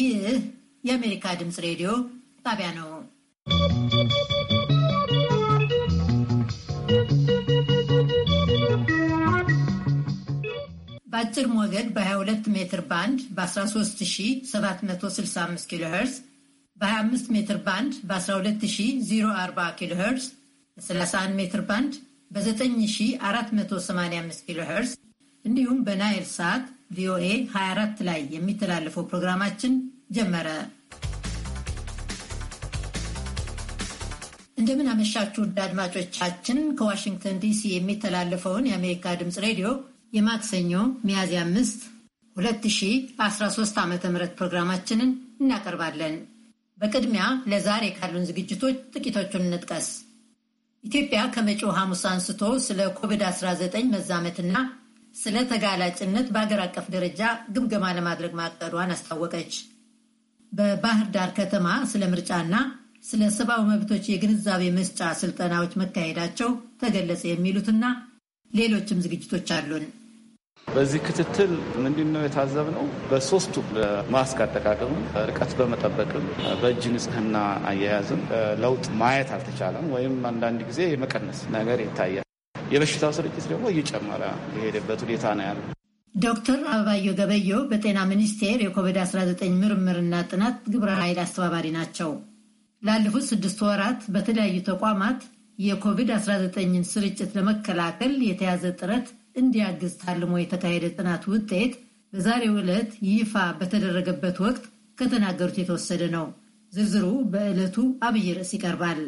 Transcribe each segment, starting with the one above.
ይህ የአሜሪካ ድምፅ ሬዲዮ ጣቢያ ነው። በአጭር ሞገድ በ22 ሜትር ባንድ በ13765 ኪሎ ሄርዝ በ25 ሜትር ባንድ በ12040 ኪሎ በ31 ሜትር ባንድ በ9485 ኪሎ ሄርስ እንዲሁም በናይል ሳት ቪኦኤ 24 ላይ የሚተላለፈው ፕሮግራማችን ጀመረ። እንደምን አመሻችሁ ውድ አድማጮቻችን። ከዋሽንግተን ዲሲ የሚተላለፈውን የአሜሪካ ድምፅ ሬዲዮ የማክሰኞ ሚያዝያ 5 2013 ዓ ም ፕሮግራማችንን እናቀርባለን። በቅድሚያ ለዛሬ ካሉን ዝግጅቶች ጥቂቶቹን እንጥቀስ። ኢትዮጵያ ከመጪው ሐሙስ አንስቶ ስለ ኮቪድ-19 መዛመትና ስለ ተጋላጭነት በአገር አቀፍ ደረጃ ግምገማ ለማድረግ ማቀዷን አስታወቀች። በባህር ዳር ከተማ ስለ ምርጫና ስለ ሰብአዊ መብቶች የግንዛቤ መስጫ ስልጠናዎች መካሄዳቸው ተገለጸ። የሚሉትና ሌሎችም ዝግጅቶች አሉን። በዚህ ክትትል ምንድን ነው የታዘብነው? በሶስቱ ማስክ አጠቃቀምም፣ ርቀት በመጠበቅም፣ በእጅ ንጽህና አያያዝም ለውጥ ማየት አልተቻለም፣ ወይም አንዳንድ ጊዜ የመቀነስ ነገር ይታያል። የበሽታው ስርጭት ደግሞ እየጨመረ የሄደበት ሁኔታ ነው ያለው። ዶክተር አበባዮ ገበየው በጤና ሚኒስቴር የኮቪድ-19 ምርምርና ጥናት ግብረ ኃይል አስተባባሪ ናቸው። ላለፉት ስድስት ወራት በተለያዩ ተቋማት የኮቪድ-19ን ስርጭት ለመከላከል የተያዘ ጥረት እንዲያግዝ ታልሞ የተካሄደ ጥናት ውጤት በዛሬው ዕለት ይፋ በተደረገበት ወቅት ከተናገሩት የተወሰደ ነው። ዝርዝሩ በዕለቱ አብይ ርዕስ ይቀርባል።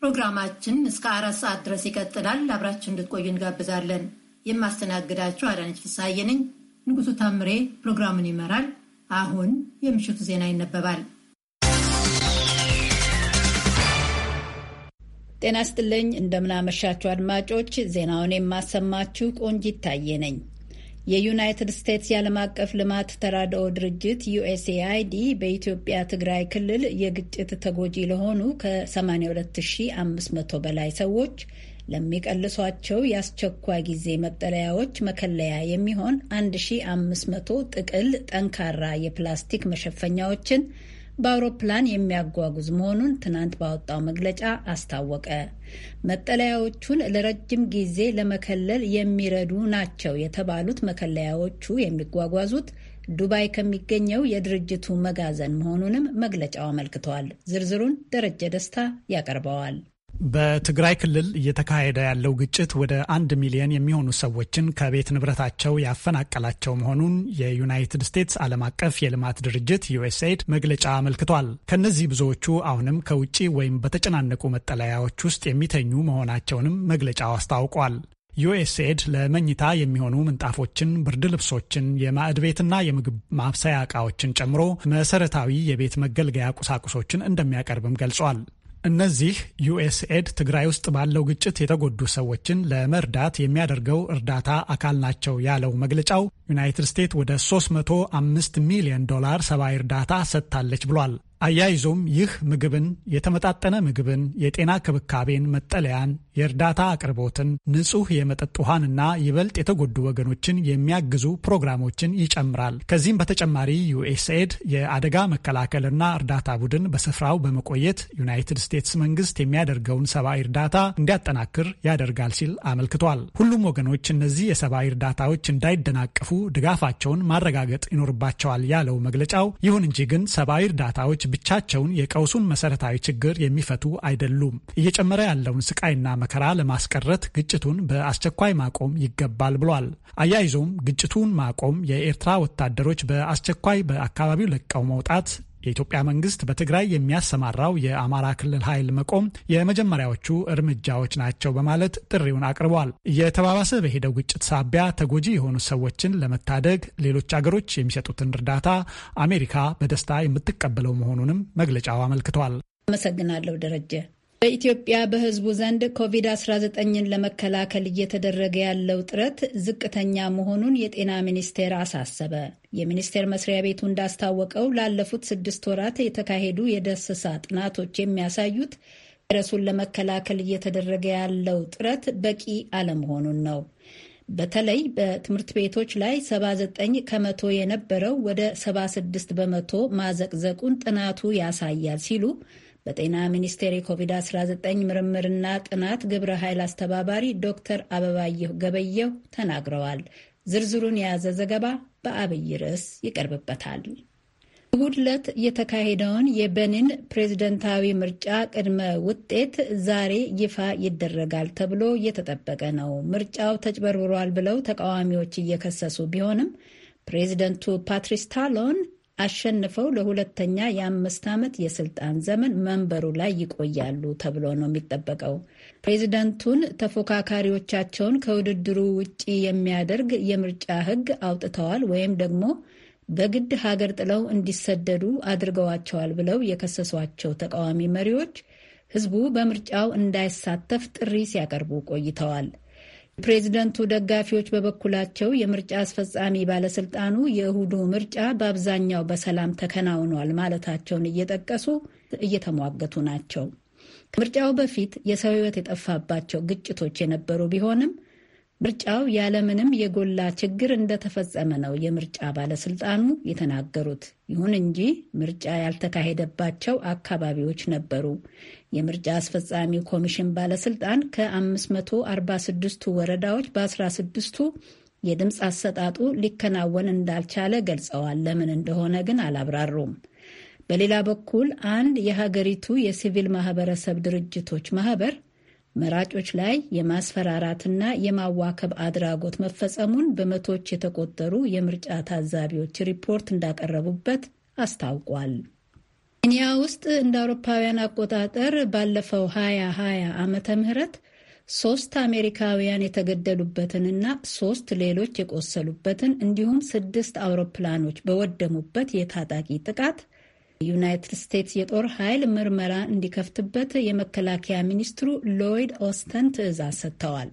ፕሮግራማችን እስከ አራት ሰዓት ድረስ ይቀጥላል። አብራችን እንድትቆዩ እንጋብዛለን። የማስተናግዳችሁ አዳነች ፍሳዬ ነኝ። ንጉሱ ታምሬ ፕሮግራሙን ይመራል። አሁን የምሽቱ ዜና ይነበባል። ጤና ስጥልኝ እንደምናመሻችሁ አድማጮች፣ ዜናውን የማሰማችሁ ቆንጅ ይታየ ነኝ። የዩናይትድ ስቴትስ የዓለም አቀፍ ልማት ተራድኦ ድርጅት ዩኤስኤአይዲ በኢትዮጵያ ትግራይ ክልል የግጭት ተጎጂ ለሆኑ ከ82500 በላይ ሰዎች ለሚቀልሷቸው የአስቸኳይ ጊዜ መጠለያዎች መከለያ የሚሆን 1500 ጥቅል ጠንካራ የፕላስቲክ መሸፈኛዎችን በአውሮፕላን የሚያጓጉዝ መሆኑን ትናንት ባወጣው መግለጫ አስታወቀ። መጠለያዎቹን ለረጅም ጊዜ ለመከለል የሚረዱ ናቸው የተባሉት መከለያዎቹ የሚጓጓዙት ዱባይ ከሚገኘው የድርጅቱ መጋዘን መሆኑንም መግለጫው አመልክቷል። ዝርዝሩን ደረጀ ደስታ ያቀርበዋል። በትግራይ ክልል እየተካሄደ ያለው ግጭት ወደ አንድ ሚሊዮን የሚሆኑ ሰዎችን ከቤት ንብረታቸው ያፈናቀላቸው መሆኑን የዩናይትድ ስቴትስ ዓለም አቀፍ የልማት ድርጅት ዩኤስኤድ መግለጫ አመልክቷል። ከነዚህ ብዙዎቹ አሁንም ከውጭ ወይም በተጨናነቁ መጠለያዎች ውስጥ የሚተኙ መሆናቸውንም መግለጫው አስታውቋል። ዩኤስኤድ ለመኝታ የሚሆኑ ምንጣፎችን፣ ብርድ ልብሶችን፣ የማዕድ ቤትና የምግብ ማብሰያ እቃዎችን ጨምሮ መሰረታዊ የቤት መገልገያ ቁሳቁሶችን እንደሚያቀርብም ገልጿል። እነዚህ ዩኤስኤድ ትግራይ ውስጥ ባለው ግጭት የተጎዱ ሰዎችን ለመርዳት የሚያደርገው እርዳታ አካል ናቸው ያለው መግለጫው ዩናይትድ ስቴትስ ወደ 305 ሚሊዮን ዶላር ሰብአዊ እርዳታ ሰጥታለች ብሏል። አያይዞም ይህ ምግብን፣ የተመጣጠነ ምግብን፣ የጤና ክብካቤን፣ መጠለያን፣ የእርዳታ አቅርቦትን፣ ንጹህ የመጠጥ ውሃንና ይበልጥ የተጎዱ ወገኖችን የሚያግዙ ፕሮግራሞችን ይጨምራል። ከዚህም በተጨማሪ ዩኤስኤድ የአደጋ መከላከልና እርዳታ ቡድን በስፍራው በመቆየት ዩናይትድ ስቴትስ መንግስት የሚያደርገውን ሰብአዊ እርዳታ እንዲያጠናክር ያደርጋል ሲል አመልክቷል። ሁሉም ወገኖች እነዚህ የሰብአዊ እርዳታዎች እንዳይደናቀፉ ድጋፋቸውን ማረጋገጥ ይኖርባቸዋል ያለው መግለጫው፣ ይሁን እንጂ ግን ሰብአዊ እርዳታዎች ብቻቸውን የቀውሱን መሰረታዊ ችግር የሚፈቱ አይደሉም። እየጨመረ ያለውን ስቃይና መከራ ለማስቀረት ግጭቱን በአስቸኳይ ማቆም ይገባል ብሏል። አያይዞም ግጭቱን ማቆም፣ የኤርትራ ወታደሮች በአስቸኳይ በአካባቢው ለቀው መውጣት፣ የኢትዮጵያ መንግስት በትግራይ የሚያሰማራው የአማራ ክልል ኃይል መቆም የመጀመሪያዎቹ እርምጃዎች ናቸው በማለት ጥሪውን አቅርቧል። እየተባባሰ በሄደው ግጭት ሳቢያ ተጎጂ የሆኑ ሰዎችን ለመታደግ ሌሎች አገሮች የሚሰጡትን እርዳታ አሜሪካ በደስታ የምትቀበለው መሆኑንም መግለጫው አመልክቷል። አመሰግናለሁ ደረጀ። በኢትዮጵያ በሕዝቡ ዘንድ ኮቪድ-19ን ለመከላከል እየተደረገ ያለው ጥረት ዝቅተኛ መሆኑን የጤና ሚኒስቴር አሳሰበ። የሚኒስቴር መስሪያ ቤቱ እንዳስታወቀው ላለፉት ስድስት ወራት የተካሄዱ የደስሳ ጥናቶች የሚያሳዩት ቫይረሱን ለመከላከል እየተደረገ ያለው ጥረት በቂ አለመሆኑን ነው። በተለይ በትምህርት ቤቶች ላይ 79 ከመቶ የነበረው ወደ 76 በመቶ ማዘቅዘቁን ጥናቱ ያሳያል ሲሉ በጤና ሚኒስቴር የኮቪድ-19 ምርምርና ጥናት ግብረ ኃይል አስተባባሪ ዶክተር አበባየሁ ገበየሁ ተናግረዋል። ዝርዝሩን የያዘ ዘገባ በአብይ ርዕስ ይቀርብበታል። እሁድ ዕለት የተካሄደውን የበኒን ፕሬዝደንታዊ ምርጫ ቅድመ ውጤት ዛሬ ይፋ ይደረጋል ተብሎ እየተጠበቀ ነው። ምርጫው ተጭበርብሯል ብለው ተቃዋሚዎች እየከሰሱ ቢሆንም ፕሬዝደንቱ ፓትሪስ ታሎን አሸንፈው ለሁለተኛ የአምስት ዓመት የስልጣን ዘመን መንበሩ ላይ ይቆያሉ ተብሎ ነው የሚጠበቀው። ፕሬዚደንቱን ተፎካካሪዎቻቸውን ከውድድሩ ውጪ የሚያደርግ የምርጫ ሕግ አውጥተዋል ወይም ደግሞ በግድ ሀገር ጥለው እንዲሰደዱ አድርገዋቸዋል ብለው የከሰሷቸው ተቃዋሚ መሪዎች ሕዝቡ በምርጫው እንዳይሳተፍ ጥሪ ሲያቀርቡ ቆይተዋል። የፕሬዝደንቱ ደጋፊዎች በበኩላቸው የምርጫ አስፈጻሚ ባለስልጣኑ የእሁዱ ምርጫ በአብዛኛው በሰላም ተከናውኗል ማለታቸውን እየጠቀሱ እየተሟገቱ ናቸው። ከምርጫው በፊት የሰው ሕይወት የጠፋባቸው ግጭቶች የነበሩ ቢሆንም ምርጫው ያለምንም የጎላ ችግር እንደተፈጸመ ነው የምርጫ ባለስልጣኑ የተናገሩት። ይሁን እንጂ ምርጫ ያልተካሄደባቸው አካባቢዎች ነበሩ። የምርጫ አስፈጻሚ ኮሚሽን ባለስልጣን ከ546ቱ ወረዳዎች በ16ቱ የድምፅ አሰጣጡ ሊከናወን እንዳልቻለ ገልጸዋል። ለምን እንደሆነ ግን አላብራሩም። በሌላ በኩል አንድ የሀገሪቱ የሲቪል ማህበረሰብ ድርጅቶች ማህበር መራጮች ላይ የማስፈራራትና የማዋከብ አድራጎት መፈጸሙን በመቶች የተቆጠሩ የምርጫ ታዛቢዎች ሪፖርት እንዳቀረቡበት አስታውቋል። ኬንያ ውስጥ እንደ አውሮፓውያን አቆጣጠር ባለፈው 2020 ዓመተ ምህረት ሶስት አሜሪካውያን የተገደሉበትንና ሶስት ሌሎች የቆሰሉበትን እንዲሁም ስድስት አውሮፕላኖች በወደሙበት የታጣቂ ጥቃት የዩናይትድ ስቴትስ የጦር ኃይል ምርመራ እንዲከፍትበት የመከላከያ ሚኒስትሩ ሎይድ ኦስተን ትዕዛዝ ሰጥተዋል።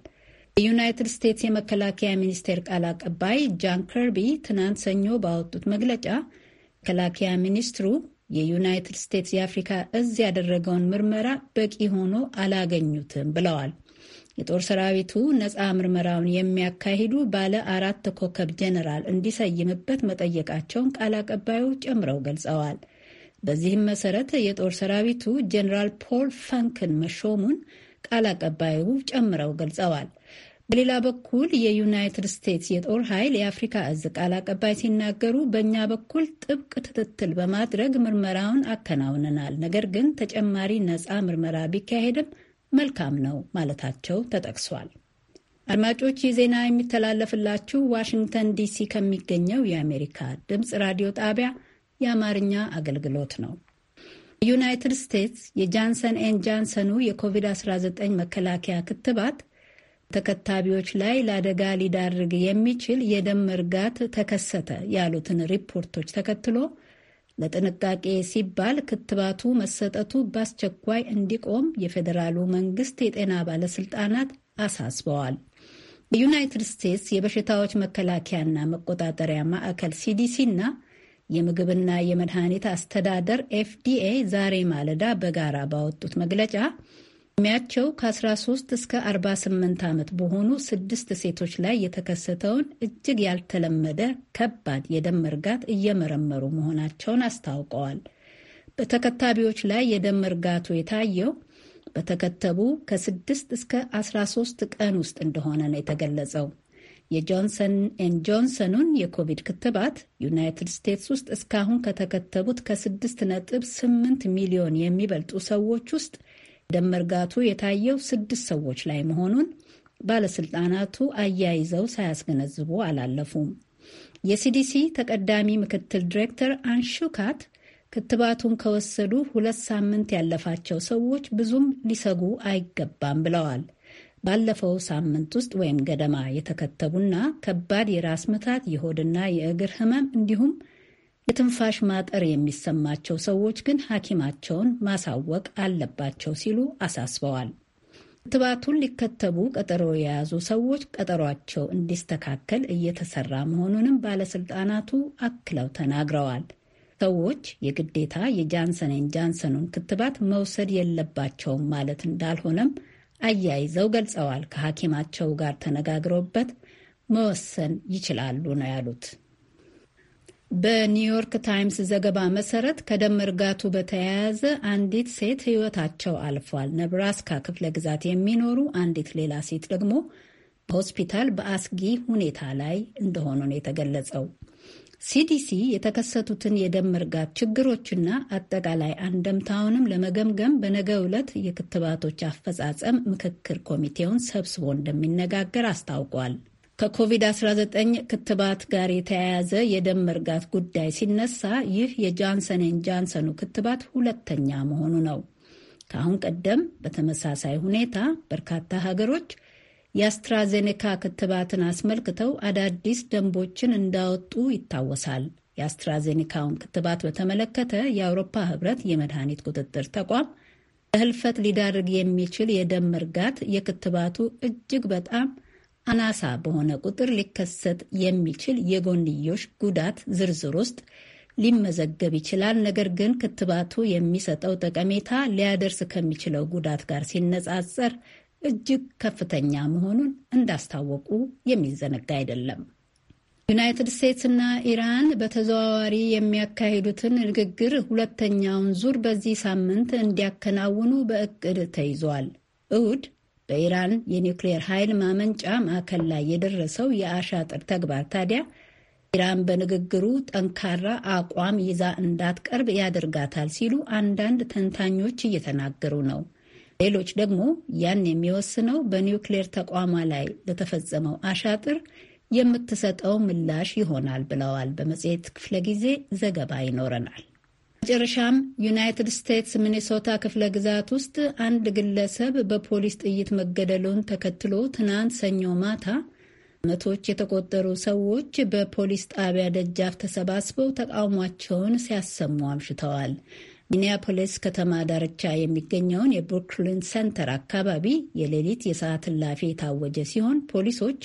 የዩናይትድ ስቴትስ የመከላከያ ሚኒስቴር ቃል አቀባይ ጃን ከርቢ ትናንት ሰኞ ባወጡት መግለጫ መከላከያ ሚኒስትሩ የዩናይትድ ስቴትስ የአፍሪካ እዝ ያደረገውን ምርመራ በቂ ሆኖ አላገኙትም ብለዋል። የጦር ሰራዊቱ ነፃ ምርመራውን የሚያካሂዱ ባለ አራት ኮከብ ጀነራል እንዲሰይምበት መጠየቃቸውን ቃል አቀባዩ ጨምረው ገልጸዋል። በዚህም መሰረት የጦር ሰራዊቱ ጀኔራል ፖል ፈንክን መሾሙን ቃል አቀባዩ ጨምረው ገልጸዋል። በሌላ በኩል የዩናይትድ ስቴትስ የጦር ኃይል የአፍሪካ እዝ ቃል አቀባይ ሲናገሩ በእኛ በኩል ጥብቅ ክትትል በማድረግ ምርመራውን አከናውነናል፣ ነገር ግን ተጨማሪ ነፃ ምርመራ ቢካሄድም መልካም ነው ማለታቸው ተጠቅሷል። አድማጮች ይህ ዜና የሚተላለፍላችሁ ዋሽንግተን ዲሲ ከሚገኘው የአሜሪካ ድምፅ ራዲዮ ጣቢያ የአማርኛ አገልግሎት ነው። ዩናይትድ ስቴትስ የጃንሰን ኤን ጃንሰኑ የኮቪድ-19 መከላከያ ክትባት ተከታቢዎች ላይ ለአደጋ ሊዳርግ የሚችል የደም መርጋት ተከሰተ ያሉትን ሪፖርቶች ተከትሎ ለጥንቃቄ ሲባል ክትባቱ መሰጠቱ በአስቸኳይ እንዲቆም የፌዴራሉ መንግስት የጤና ባለስልጣናት አሳስበዋል። የዩናይትድ ስቴትስ የበሽታዎች መከላከያና መቆጣጠሪያ ማዕከል ሲዲሲ እና የምግብና የመድኃኒት አስተዳደር ኤፍዲኤ ዛሬ ማለዳ በጋራ ባወጡት መግለጫ ዕድሜያቸው ከ13 እስከ 48 ዓመት በሆኑ ስድስት ሴቶች ላይ የተከሰተውን እጅግ ያልተለመደ ከባድ የደም እርጋት እየመረመሩ መሆናቸውን አስታውቀዋል። በተከታቢዎች ላይ የደም እርጋቱ የታየው በተከተቡ ከ6 እስከ 13 ቀን ውስጥ እንደሆነ ነው የተገለጸው። የጆንሰን ኤንድ ጆንሰኑን የኮቪድ ክትባት ዩናይትድ ስቴትስ ውስጥ እስካሁን ከተከተቡት ከ ነጥብ ሚሊዮን የሚበልጡ ሰዎች ውስጥ ደም መርጋቱ የታየው ስድስት ሰዎች ላይ መሆኑን ባለስልጣናቱ አያይዘው ሳያስገነዝቡ አላለፉም። የሲዲሲ ተቀዳሚ ምክትል ዲሬክተር አንሹካት ክትባቱን ከወሰዱ ሁለት ሳምንት ያለፋቸው ሰዎች ብዙም ሊሰጉ አይገባም ብለዋል። ባለፈው ሳምንት ውስጥ ወይም ገደማ የተከተቡና ከባድ የራስ ምታት፣ የሆድና የእግር ህመም እንዲሁም የትንፋሽ ማጠር የሚሰማቸው ሰዎች ግን ሐኪማቸውን ማሳወቅ አለባቸው ሲሉ አሳስበዋል። ክትባቱን ሊከተቡ ቀጠሮ የያዙ ሰዎች ቀጠሯቸው እንዲስተካከል እየተሰራ መሆኑንም ባለስልጣናቱ አክለው ተናግረዋል። ሰዎች የግዴታ የጃንሰንን ጃንሰኑን ክትባት መውሰድ የለባቸውም ማለት እንዳልሆነም አያይዘው ገልጸዋል። ከሐኪማቸው ጋር ተነጋግረውበት መወሰን ይችላሉ ነው ያሉት። በኒውዮርክ ታይምስ ዘገባ መሰረት ከደም እርጋቱ በተያያዘ አንዲት ሴት ሕይወታቸው አልፏል። ነብራስካ ክፍለ ግዛት የሚኖሩ አንዲት ሌላ ሴት ደግሞ በሆስፒታል በአስጊ ሁኔታ ላይ እንደሆኑ ነው የተገለጸው። ሲዲሲ የተከሰቱትን የደም መርጋት ችግሮችና አጠቃላይ አንደምታውንም ለመገምገም በነገው ዕለት የክትባቶች አፈጻጸም ምክክር ኮሚቴውን ሰብስቦ እንደሚነጋገር አስታውቋል። ከኮቪድ-19 ክትባት ጋር የተያያዘ የደም መርጋት ጉዳይ ሲነሳ ይህ የጃንሰንን ጃንሰኑ ክትባት ሁለተኛ መሆኑ ነው። ከአሁን ቀደም በተመሳሳይ ሁኔታ በርካታ ሀገሮች የአስትራዜኔካ ክትባትን አስመልክተው አዳዲስ ደንቦችን እንዳወጡ ይታወሳል። የአስትራዜኔካውን ክትባት በተመለከተ የአውሮፓ ህብረት የመድኃኒት ቁጥጥር ተቋም ለህልፈት ሊዳርግ የሚችል የደም እርጋት የክትባቱ እጅግ በጣም አናሳ በሆነ ቁጥር ሊከሰት የሚችል የጎንዮሽ ጉዳት ዝርዝር ውስጥ ሊመዘገብ ይችላል። ነገር ግን ክትባቱ የሚሰጠው ጠቀሜታ ሊያደርስ ከሚችለው ጉዳት ጋር ሲነጻጸር እጅግ ከፍተኛ መሆኑን እንዳስታወቁ የሚዘነጋ አይደለም። ዩናይትድ ስቴትስና ኢራን በተዘዋዋሪ የሚያካሂዱትን ንግግር ሁለተኛውን ዙር በዚህ ሳምንት እንዲያከናውኑ በእቅድ ተይዟል። እሁድ በኢራን የኒውክሌር ኃይል ማመንጫ ማዕከል ላይ የደረሰው የአሻጥር ተግባር ታዲያ ኢራን በንግግሩ ጠንካራ አቋም ይዛ እንዳትቀርብ ያደርጋታል ሲሉ አንዳንድ ተንታኞች እየተናገሩ ነው። ሌሎች ደግሞ ያን የሚወስነው በኒውክሌር ተቋማ ላይ ለተፈጸመው አሻጥር የምትሰጠው ምላሽ ይሆናል ብለዋል። በመጽሔት ክፍለ ጊዜ ዘገባ ይኖረናል። መጨረሻም ዩናይትድ ስቴትስ ሚኔሶታ ክፍለ ግዛት ውስጥ አንድ ግለሰብ በፖሊስ ጥይት መገደሉን ተከትሎ ትናንት ሰኞ ማታ መቶች የተቆጠሩ ሰዎች በፖሊስ ጣቢያ ደጃፍ ተሰባስበው ተቃውሟቸውን ሲያሰሙ አምሽተዋል። ሚኒያፖሊስ ከተማ ዳርቻ የሚገኘውን የብሩክሊን ሴንተር አካባቢ የሌሊት የሰዓት እላፊ የታወጀ ሲሆን ፖሊሶች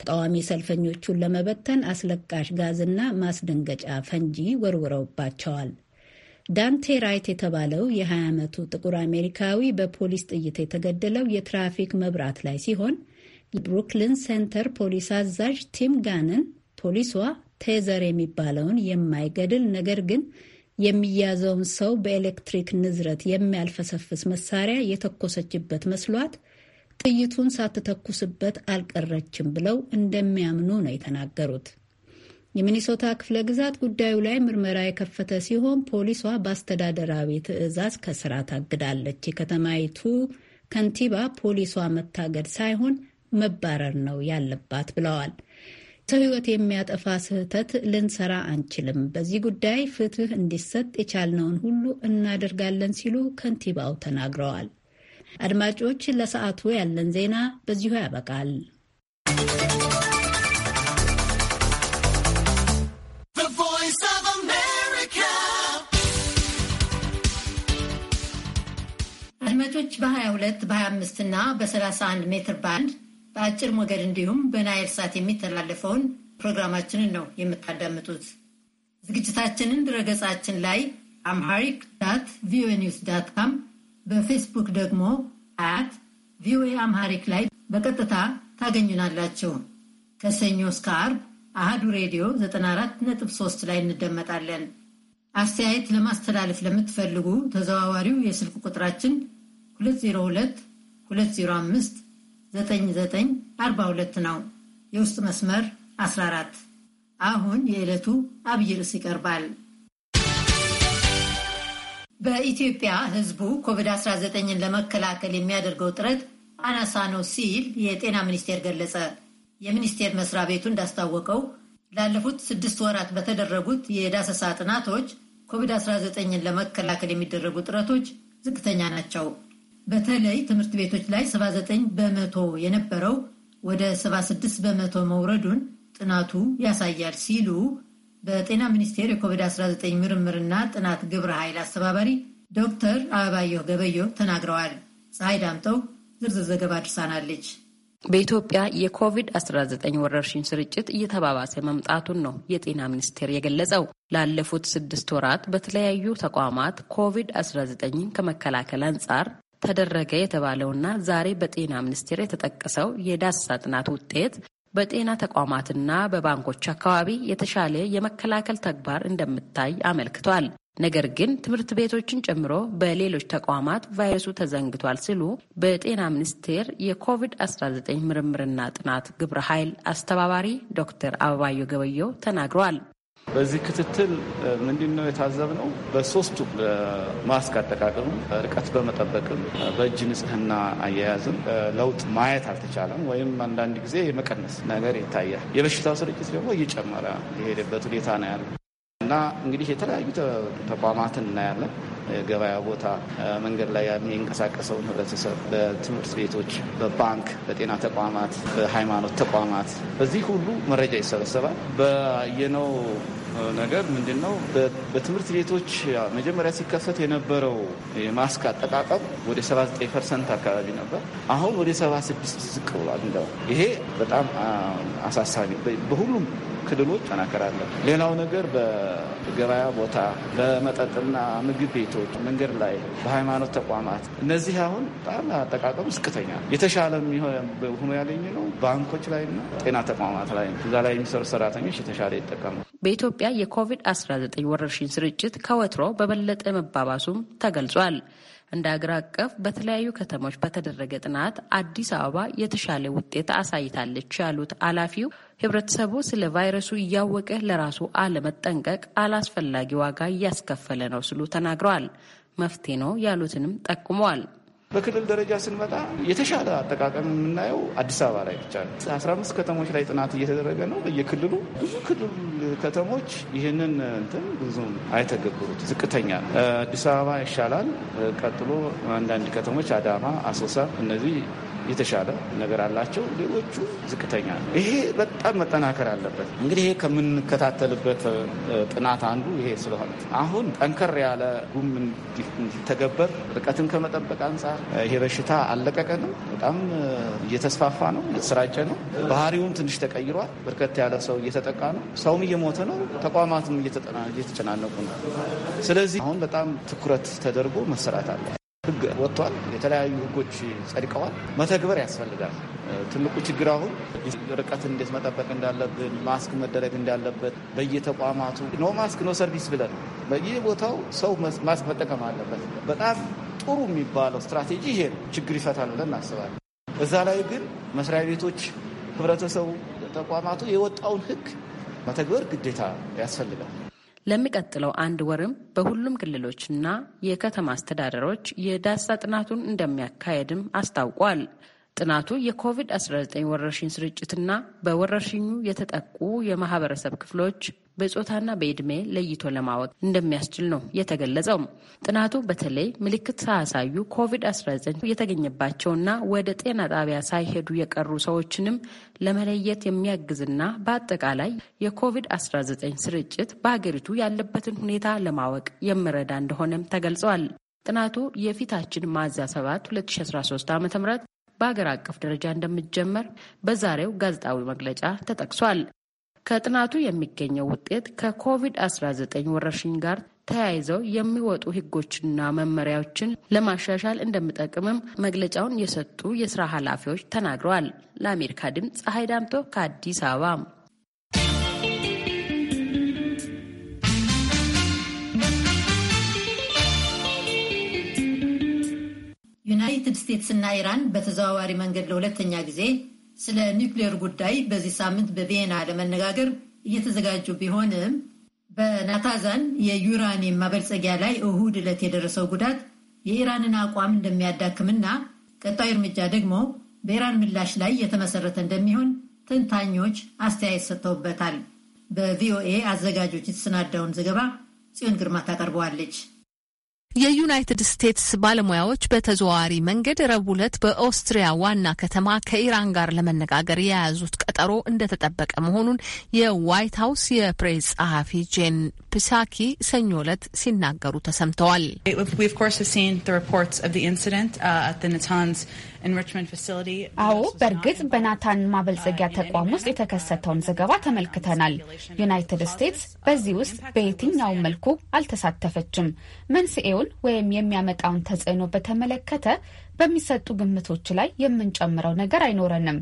ተቃዋሚ ሰልፈኞቹን ለመበተን አስለቃሽ ጋዝና ማስደንገጫ ፈንጂ ወርውረውባቸዋል። ዳንቴ ራይት የተባለው የ20 ዓመቱ ጥቁር አሜሪካዊ በፖሊስ ጥይት የተገደለው የትራፊክ መብራት ላይ ሲሆን የብሩክሊን ሴንተር ፖሊስ አዛዥ ቲም ጋንን ፖሊሷ ቴዘር የሚባለውን የማይገድል ነገር ግን የሚያዘውን ሰው በኤሌክትሪክ ንዝረት የሚያልፈሰፍስ መሳሪያ የተኮሰችበት መስሏት ጥይቱን ሳትተኩስበት አልቀረችም ብለው እንደሚያምኑ ነው የተናገሩት። የሚኒሶታ ክፍለ ግዛት ጉዳዩ ላይ ምርመራ የከፈተ ሲሆን ፖሊሷ በአስተዳደራዊ ትዕዛዝ ከስራ ታግዳለች። የከተማይቱ ከንቲባ ፖሊሷ መታገድ ሳይሆን መባረር ነው ያለባት ብለዋል። ሰው ሕይወት የሚያጠፋ ስህተት ልንሰራ አንችልም። በዚህ ጉዳይ ፍትህ እንዲሰጥ የቻልነውን ሁሉ እናደርጋለን ሲሉ ከንቲባው ተናግረዋል። አድማጮች፣ ለሰዓቱ ያለን ዜና በዚሁ ያበቃል። አድማጮች በ22 በ25 እና በ31 ሜትር ባንድ በአጭር ሞገድ እንዲሁም በናይል ሳት የሚተላለፈውን ፕሮግራማችንን ነው የምታዳምጡት። ዝግጅታችንን ድረገጻችን ላይ አምሃሪክ ዳት ቪኦኤ ኒውስ ዳት ካም፣ በፌስቡክ ደግሞ አት ቪኦኤ አምሃሪክ ላይ በቀጥታ ታገኙናላችሁ። ከሰኞ እስከ አርብ አህዱ ሬዲዮ 94.3 ላይ እንደመጣለን። አስተያየት ለማስተላለፍ ለምትፈልጉ ተዘዋዋሪው የስልክ ቁጥራችን 202 205 9942 ነው። የውስጥ መስመር 14። አሁን የዕለቱ አብይ ርዕስ ይቀርባል። በኢትዮጵያ ሕዝቡ ኮቪድ-19ን ለመከላከል የሚያደርገው ጥረት አናሳ ነው ሲል የጤና ሚኒስቴር ገለጸ። የሚኒስቴር መስሪያ ቤቱ እንዳስታወቀው ላለፉት ስድስት ወራት በተደረጉት የዳሰሳ ጥናቶች ኮቪድ-19ን ለመከላከል የሚደረጉ ጥረቶች ዝቅተኛ ናቸው። በተለይ ትምህርት ቤቶች ላይ 79 በመቶ የነበረው ወደ 76 በመቶ መውረዱን ጥናቱ ያሳያል ሲሉ በጤና ሚኒስቴር የኮቪድ-19 ምርምርና ጥናት ግብረ ኃይል አስተባባሪ ዶክተር አበባየሁ ገበየሁ ተናግረዋል። ፀሐይ ዳምጠው ዝርዝር ዘገባ አድርሳናለች። በኢትዮጵያ የኮቪድ-19 ወረርሽኝ ስርጭት እየተባባሰ መምጣቱን ነው የጤና ሚኒስቴር የገለጸው። ላለፉት ስድስት ወራት በተለያዩ ተቋማት ኮቪድ-19ን ከመከላከል አንጻር ተደረገ የተባለውና ዛሬ በጤና ሚኒስቴር የተጠቀሰው የዳሰሳ ጥናት ውጤት በጤና ተቋማትና በባንኮች አካባቢ የተሻለ የመከላከል ተግባር እንደምታይ አመልክቷል። ነገር ግን ትምህርት ቤቶችን ጨምሮ በሌሎች ተቋማት ቫይረሱ ተዘንግቷል ሲሉ በጤና ሚኒስቴር የኮቪድ-19 ምርምርና ጥናት ግብረ ኃይል አስተባባሪ ዶክተር አበባዮ ገበየው ተናግረዋል። በዚህ ክትትል ምንድነው የታዘብነው? በሶስቱ ማስክ አጠቃቀምም ርቀት በመጠበቅም፣ በእጅ ንጽህና አያያዝም ለውጥ ማየት አልተቻለም፣ ወይም አንዳንድ ጊዜ የመቀነስ ነገር ይታያል። የበሽታው ስርጭት ደግሞ እየጨመረ የሄደበት ሁኔታ ነው ያለው እና እንግዲህ የተለያዩ ተቋማትን እናያለን የገበያ ቦታ፣ መንገድ ላይ የሚንቀሳቀሰውን ህብረተሰብ፣ በትምህርት ቤቶች፣ በባንክ፣ በጤና ተቋማት፣ በሃይማኖት ተቋማት በዚህ ሁሉ መረጃ ይሰበሰባል። በየነው ነገር ምንድን ነው? በትምህርት ቤቶች መጀመሪያ ሲከሰት የነበረው የማስክ አጠቃቀም ወደ 79 ፐርሰንት አካባቢ ነበር። አሁን ወደ 76 ዝቅ ብሏል። እንደው ይሄ በጣም አሳሳቢ በሁሉም ክልሎች ጠናከራለን። ሌላው ነገር በገበያ ቦታ፣ በመጠጥና ምግብ ቤቶች፣ መንገድ ላይ፣ በሃይማኖት ተቋማት እነዚህ አሁን በጣም አጠቃቀም ዝቅተኛ የተሻለ ሆኖ ያለኝ ነው ባንኮች ላይና ጤና ተቋማት ላይ እዛ ላይ የሚሰሩ ሰራተኞች የተሻለ ይጠቀማል። በኢትዮጵያ የኮቪድ-19 ወረርሽኝ ስርጭት ከወትሮ በበለጠ መባባሱም ተገልጿል። እንደ አገር አቀፍ በተለያዩ ከተሞች በተደረገ ጥናት አዲስ አበባ የተሻለ ውጤት አሳይታለች ያሉት ኃላፊው ህብረተሰቡ ስለ ቫይረሱ እያወቀ ለራሱ አለመጠንቀቅ አላስፈላጊ ዋጋ እያስከፈለ ነው ሲሉ ተናግረዋል። መፍትሄ ነው ያሉትንም ጠቁመዋል። በክልል ደረጃ ስንመጣ የተሻለ አጠቃቀም የምናየው አዲስ አበባ ላይ ብቻ ነው። 15 ከተሞች ላይ ጥናት እየተደረገ ነው። በየክልሉ ብዙ ክልል ከተሞች ይህንን እንትን ብዙም አይተገብሩት፣ ዝቅተኛ ነው። አዲስ አበባ ይሻላል። ቀጥሎ አንዳንድ ከተሞች አዳማ፣ አሶሳ እነዚህ የተሻለ ነገር አላቸው። ሌሎቹ ዝቅተኛ ነው። ይሄ በጣም መጠናከር አለበት። እንግዲህ ይሄ ከምንከታተልበት ጥናት አንዱ ይሄ ስለሆነ አሁን ጠንከር ያለ ጉም እንዲተገበር ርቀትን ከመጠበቅ አንጻር ይሄ በሽታ ነው፣ በጣም እየተስፋፋ ነው፣ እየተሰራጨ ነው። ባህሪውን ትንሽ ተቀይሯል። በርከት ያለ ሰው እየተጠቃ ነው። ሰውም እየሞተ ነው። ተቋማትም እየተጨናነቁ ነው። ስለዚህ አሁን በጣም ትኩረት ተደርጎ መሰራት አለ። ህግ ወጥቷል። የተለያዩ ህጎች ጸድቀዋል። መተግበር ያስፈልጋል። ትልቁ ችግር አሁን ርቀትን እንዴት መጠበቅ እንዳለብን፣ ማስክ መደረግ እንዳለበት በየተቋማቱ ኖ ማስክ ኖ ሰርቪስ ብለን በየቦታው ሰው ማስክ መጠቀም አለበት። በጣም ጥሩ የሚባለው ስትራቴጂ ይሄ ነው ችግር ይፈታል ብለን እናስባለን። እዛ ላይ ግን መስሪያ ቤቶች፣ ህብረተሰቡ፣ ተቋማቱ የወጣውን ህግ መተግበር ግዴታ ያስፈልጋል። ለሚቀጥለው አንድ ወርም በሁሉም ክልሎችና የከተማ አስተዳደሮች የዳሳ ጥናቱን እንደሚያካሄድም አስታውቋል። ጥናቱ የኮቪድ-19 ወረርሽኝ ስርጭትና በወረርሽኙ የተጠቁ የማህበረሰብ ክፍሎች በጾታና በእድሜ ለይቶ ለማወቅ እንደሚያስችል ነው የተገለጸው። ጥናቱ በተለይ ምልክት ሳያሳዩ ኮቪድ-19 የተገኘባቸውና ወደ ጤና ጣቢያ ሳይሄዱ የቀሩ ሰዎችንም ለመለየት የሚያግዝና በአጠቃላይ የኮቪድ-19 ስርጭት በሀገሪቱ ያለበትን ሁኔታ ለማወቅ የሚረዳ እንደሆነም ተገልጸዋል። ጥናቱ የፊታችን ሚያዝያ 7 2013 ዓ ም በሀገር አቀፍ ደረጃ እንደሚጀመር በዛሬው ጋዜጣዊ መግለጫ ተጠቅሷል። ከጥናቱ የሚገኘው ውጤት ከኮቪድ-19 ወረርሽኝ ጋር ተያይዘው የሚወጡ ህጎችና መመሪያዎችን ለማሻሻል እንደሚጠቅምም መግለጫውን የሰጡ የስራ ኃላፊዎች ተናግረዋል። ለአሜሪካ ድምፅ ፀሐይ ዳምቶ ከአዲስ አበባ። ዩናይትድ ስቴትስ እና ኢራን በተዘዋዋሪ መንገድ ለሁለተኛ ጊዜ ስለ ኒውክሌር ጉዳይ በዚህ ሳምንት በቪየና ለመነጋገር እየተዘጋጁ ቢሆንም በናታዛን የዩራኒየም ማበልጸጊያ ላይ እሁድ ዕለት የደረሰው ጉዳት የኢራንን አቋም እንደሚያዳክምና ቀጣዩ እርምጃ ደግሞ በኢራን ምላሽ ላይ የተመሰረተ እንደሚሆን ተንታኞች አስተያየት ሰጥተውበታል። በቪኦኤ አዘጋጆች የተሰናዳውን ዘገባ ጽዮን ግርማ ታቀርበዋለች። የዩናይትድ ስቴትስ ባለሙያዎች በተዘዋዋሪ መንገድ ረቡዕ ዕለት በኦስትሪያ ዋና ከተማ ከኢራን ጋር ለመነጋገር የያዙት ቀጠሮ እንደተጠበቀ መሆኑን የዋይት ሀውስ የፕሬስ ጸሐፊ ጄን ፒሳኪ ሰኞ ዕለት ሲናገሩ ተሰምተዋል። አዎ በእርግጥ በናታን ማበልጸጊያ uh, ተቋም ውስጥ የተከሰተውን ዘገባ uh, ተመልክተናል። ዩናይትድ ስቴትስ በዚህ ውስጥ በየትኛውም መልኩ አልተሳተፈችም። መንስኤውን ወይም የሚያመጣውን ተጽዕኖ በተመለከተ በሚሰጡ ግምቶች ላይ የምንጨምረው ነገር አይኖረንም።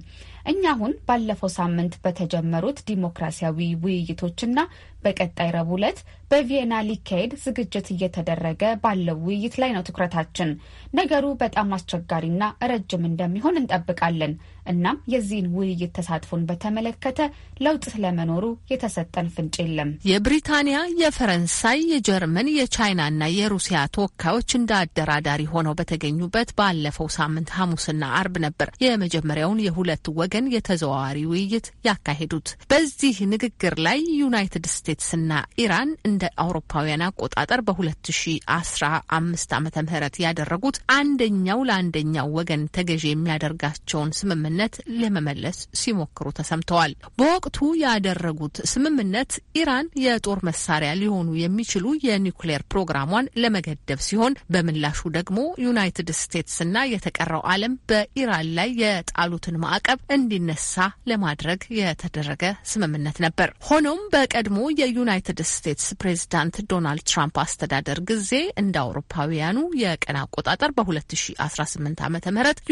እኛ አሁን ባለፈው ሳምንት በተጀመሩት ዲሞክራሲያዊ ውይይቶችና በቀጣይ ረቡዕ ዕለት በቪየና ሊካሄድ ዝግጅት እየተደረገ ባለው ውይይት ላይ ነው ትኩረታችን። ነገሩ በጣም አስቸጋሪና ረጅም እንደሚሆን እንጠብቃለን። እናም የዚህን ውይይት ተሳትፎን በተመለከተ ለውጥ ስለመኖሩ የተሰጠን ፍንጭ የለም። የብሪታንያ፣ የፈረንሳይ፣ የጀርመን፣ የቻይናና የሩሲያ ተወካዮች እንደ አደራዳሪ ሆነው በተገኙበት ባለፈው ሳምንት ሐሙስና አርብ ነበር የመጀመሪያውን የሁለት ወገን የተዘዋዋሪ ውይይት ያካሄዱት። በዚህ ንግግር ላይ ዩናይትድ ስቴትስ ስቴትስና ኢራን እንደ አውሮፓውያን አቆጣጠር በ2015 ዓ ም ያደረጉት አንደኛው ለአንደኛው ወገን ተገዢ የሚያደርጋቸውን ስምምነት ለመመለስ ሲሞክሩ ተሰምተዋል። በወቅቱ ያደረጉት ስምምነት ኢራን የጦር መሳሪያ ሊሆኑ የሚችሉ የኒውክሌር ፕሮግራሟን ለመገደብ ሲሆን በምላሹ ደግሞ ዩናይትድ ስቴትስና የተቀረው ዓለም በኢራን ላይ የጣሉትን ማዕቀብ እንዲነሳ ለማድረግ የተደረገ ስምምነት ነበር። ሆኖም በቀድሞ የዩናይትድ ስቴትስ ፕሬዚዳንት ዶናልድ ትራምፕ አስተዳደር ጊዜ እንደ አውሮፓውያኑ የቀን አቆጣጠር በ2018 ዓ ም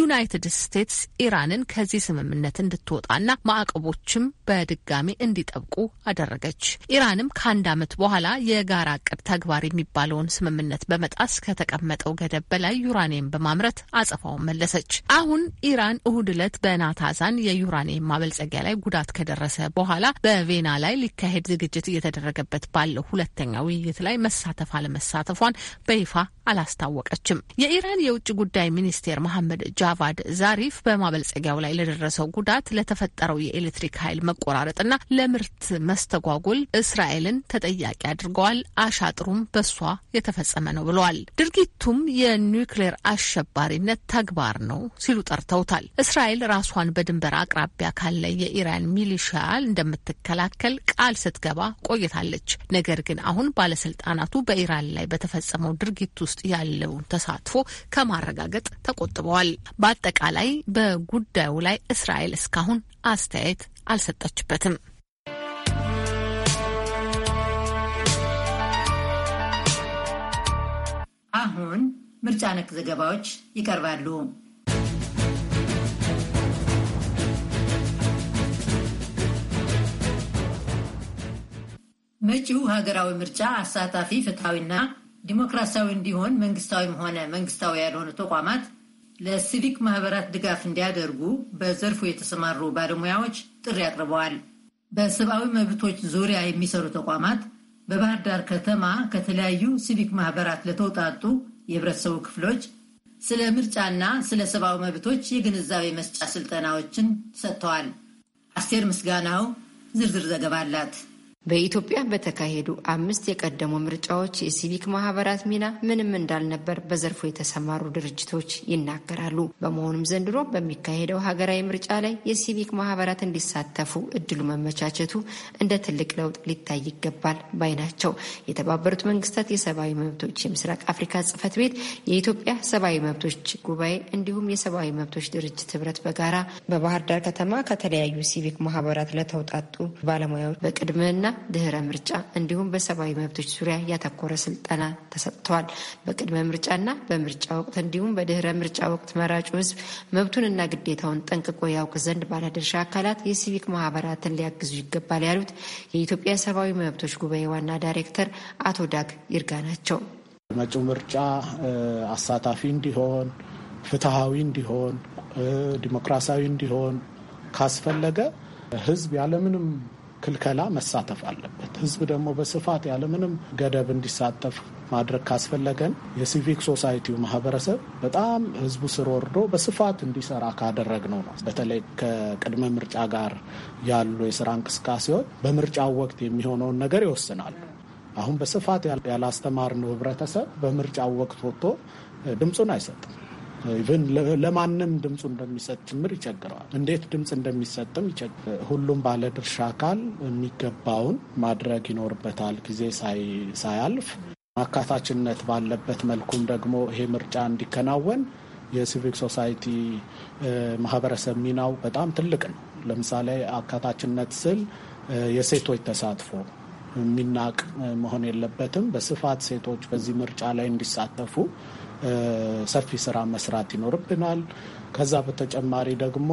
ዩናይትድ ስቴትስ ኢራንን ከዚህ ስምምነት እንድትወጣና ማዕቀቦችም በድጋሚ እንዲጠብቁ አደረገች። ኢራንም ከአንድ ዓመት በኋላ የጋራ እቅድ ተግባር የሚባለውን ስምምነት በመጣስ ከተቀመጠው ገደብ በላይ ዩራኒየም በማምረት አጸፋውን መለሰች። አሁን ኢራን እሁድ ዕለት በናታዛን የዩራኒየም ማበልጸጊያ ላይ ጉዳት ከደረሰ በኋላ በቬና ላይ ሊካሄድ ዝግጅት እየተደረገበት ባለው ሁለተኛ ውይይት ላይ መሳተፍ አለመሳተፏን በይፋ አላስታወቀችም። የኢራን የውጭ ጉዳይ ሚኒስቴር መሐመድ ጃቫድ ዛሪፍ በማበልጸጊያው ላይ ለደረሰው ጉዳት፣ ለተፈጠረው የኤሌክትሪክ ኃይል መቆራረጥና ለምርት መስተጓጎል እስራኤልን ተጠያቂ አድርገዋል። አሻጥሩም በሷ የተፈጸመ ነው ብለዋል። ድርጊቱም የኒውክሌር አሸባሪነት ተግባር ነው ሲሉ ጠርተውታል። እስራኤል ራሷን በድንበር አቅራቢያ ካለ የኢራን ሚሊሻ እንደምትከላከል ቃል ስትገባ ቆይታለች። ነገር ግን አሁን ባለስልጣናቱ በኢራን ላይ በተፈጸመው ድርጊት ውስጥ ያለውን ተሳትፎ ከማረጋገጥ ተቆጥበዋል። በአጠቃላይ በጉዳዩ ላይ እስራኤል እስካሁን አስተያየት አልሰጠችበትም። አሁን ምርጫ ነክ ዘገባዎች ይቀርባሉ። መጪው ሀገራዊ ምርጫ አሳታፊ ፍትሐዊና ዲሞክራሲያዊ እንዲሆን መንግስታዊም ሆነ መንግስታዊ ያልሆኑ ተቋማት ለሲቪክ ማህበራት ድጋፍ እንዲያደርጉ በዘርፉ የተሰማሩ ባለሙያዎች ጥሪ አቅርበዋል። በሰብአዊ መብቶች ዙሪያ የሚሰሩ ተቋማት በባህር ዳር ከተማ ከተለያዩ ሲቪክ ማህበራት ለተውጣጡ የህብረተሰቡ ክፍሎች ስለ ምርጫና ስለ ሰብአዊ መብቶች የግንዛቤ መስጫ ስልጠናዎችን ሰጥተዋል። አስቴር ምስጋናው ዝርዝር ዘገባ አላት። በኢትዮጵያ በተካሄዱ አምስት የቀደሙ ምርጫዎች የሲቪክ ማህበራት ሚና ምንም እንዳልነበር በዘርፉ የተሰማሩ ድርጅቶች ይናገራሉ። በመሆኑም ዘንድሮ በሚካሄደው ሀገራዊ ምርጫ ላይ የሲቪክ ማህበራት እንዲሳተፉ እድሉ መመቻቸቱ እንደ ትልቅ ለውጥ ሊታይ ይገባል ባይ ናቸው። የተባበሩት መንግስታት የሰብአዊ መብቶች የምስራቅ አፍሪካ ጽህፈት ቤት፣ የኢትዮጵያ ሰብአዊ መብቶች ጉባኤ እንዲሁም የሰብአዊ መብቶች ድርጅት ህብረት በጋራ በባህር ዳር ከተማ ከተለያዩ ሲቪክ ማህበራት ለተውጣጡ ባለሙያዎች በቅድምና ድህረ ምርጫ እንዲሁም በሰብአዊ መብቶች ዙሪያ ያተኮረ ስልጠና ተሰጥተዋል። በቅድመ ምርጫና በምርጫ ወቅት እንዲሁም በድህረ ምርጫ ወቅት መራጩ ህዝብ መብቱንና ግዴታውን ጠንቅቆ ያውቅ ዘንድ ባለድርሻ አካላት የሲቪክ ማህበራትን ሊያግዙ ይገባል ያሉት የኢትዮጵያ ሰብአዊ መብቶች ጉባኤ ዋና ዳይሬክተር አቶ ዳግ ይርጋ ናቸው። መጪው ምርጫ አሳታፊ እንዲሆን፣ ፍትሐዊ እንዲሆን፣ ዲሞክራሲያዊ እንዲሆን ካስፈለገ ህዝብ ያለምንም ክልከላ መሳተፍ አለበት። ህዝብ ደግሞ በስፋት ያለምንም ገደብ እንዲሳተፍ ማድረግ ካስፈለገን የሲቪክ ሶሳይቲው ማህበረሰብ በጣም ህዝቡ ስር ወርዶ በስፋት እንዲሰራ ነው ነው። በተለይ ከቅድመ ምርጫ ጋር ያሉ የስራ እንቅስቃሴዎች በምርጫው ወቅት የሚሆነውን ነገር ይወስናሉ። አሁን በስፋት ያላስተማርነው ህብረተሰብ በምርጫው ወቅት ወጥቶ ድምፁን አይሰጥም። ኢቨን ለማንም ድምፁ እንደሚሰጥ ጭምር ይቸግረዋል። እንዴት ድምፅ እንደሚሰጥም ሁሉም ባለድርሻ አካል የሚገባውን ማድረግ ይኖርበታል ጊዜ ሳያልፍ አካታችነት ባለበት መልኩም ደግሞ ይሄ ምርጫ እንዲከናወን የሲቪክ ሶሳይቲ ማህበረሰብ ሚናው በጣም ትልቅ ነው። ለምሳሌ አካታችነት ስል የሴቶች ተሳትፎ የሚናቅ መሆን የለበትም። በስፋት ሴቶች በዚህ ምርጫ ላይ እንዲሳተፉ ሰፊ ስራ መስራት ይኖርብናል። ከዛ በተጨማሪ ደግሞ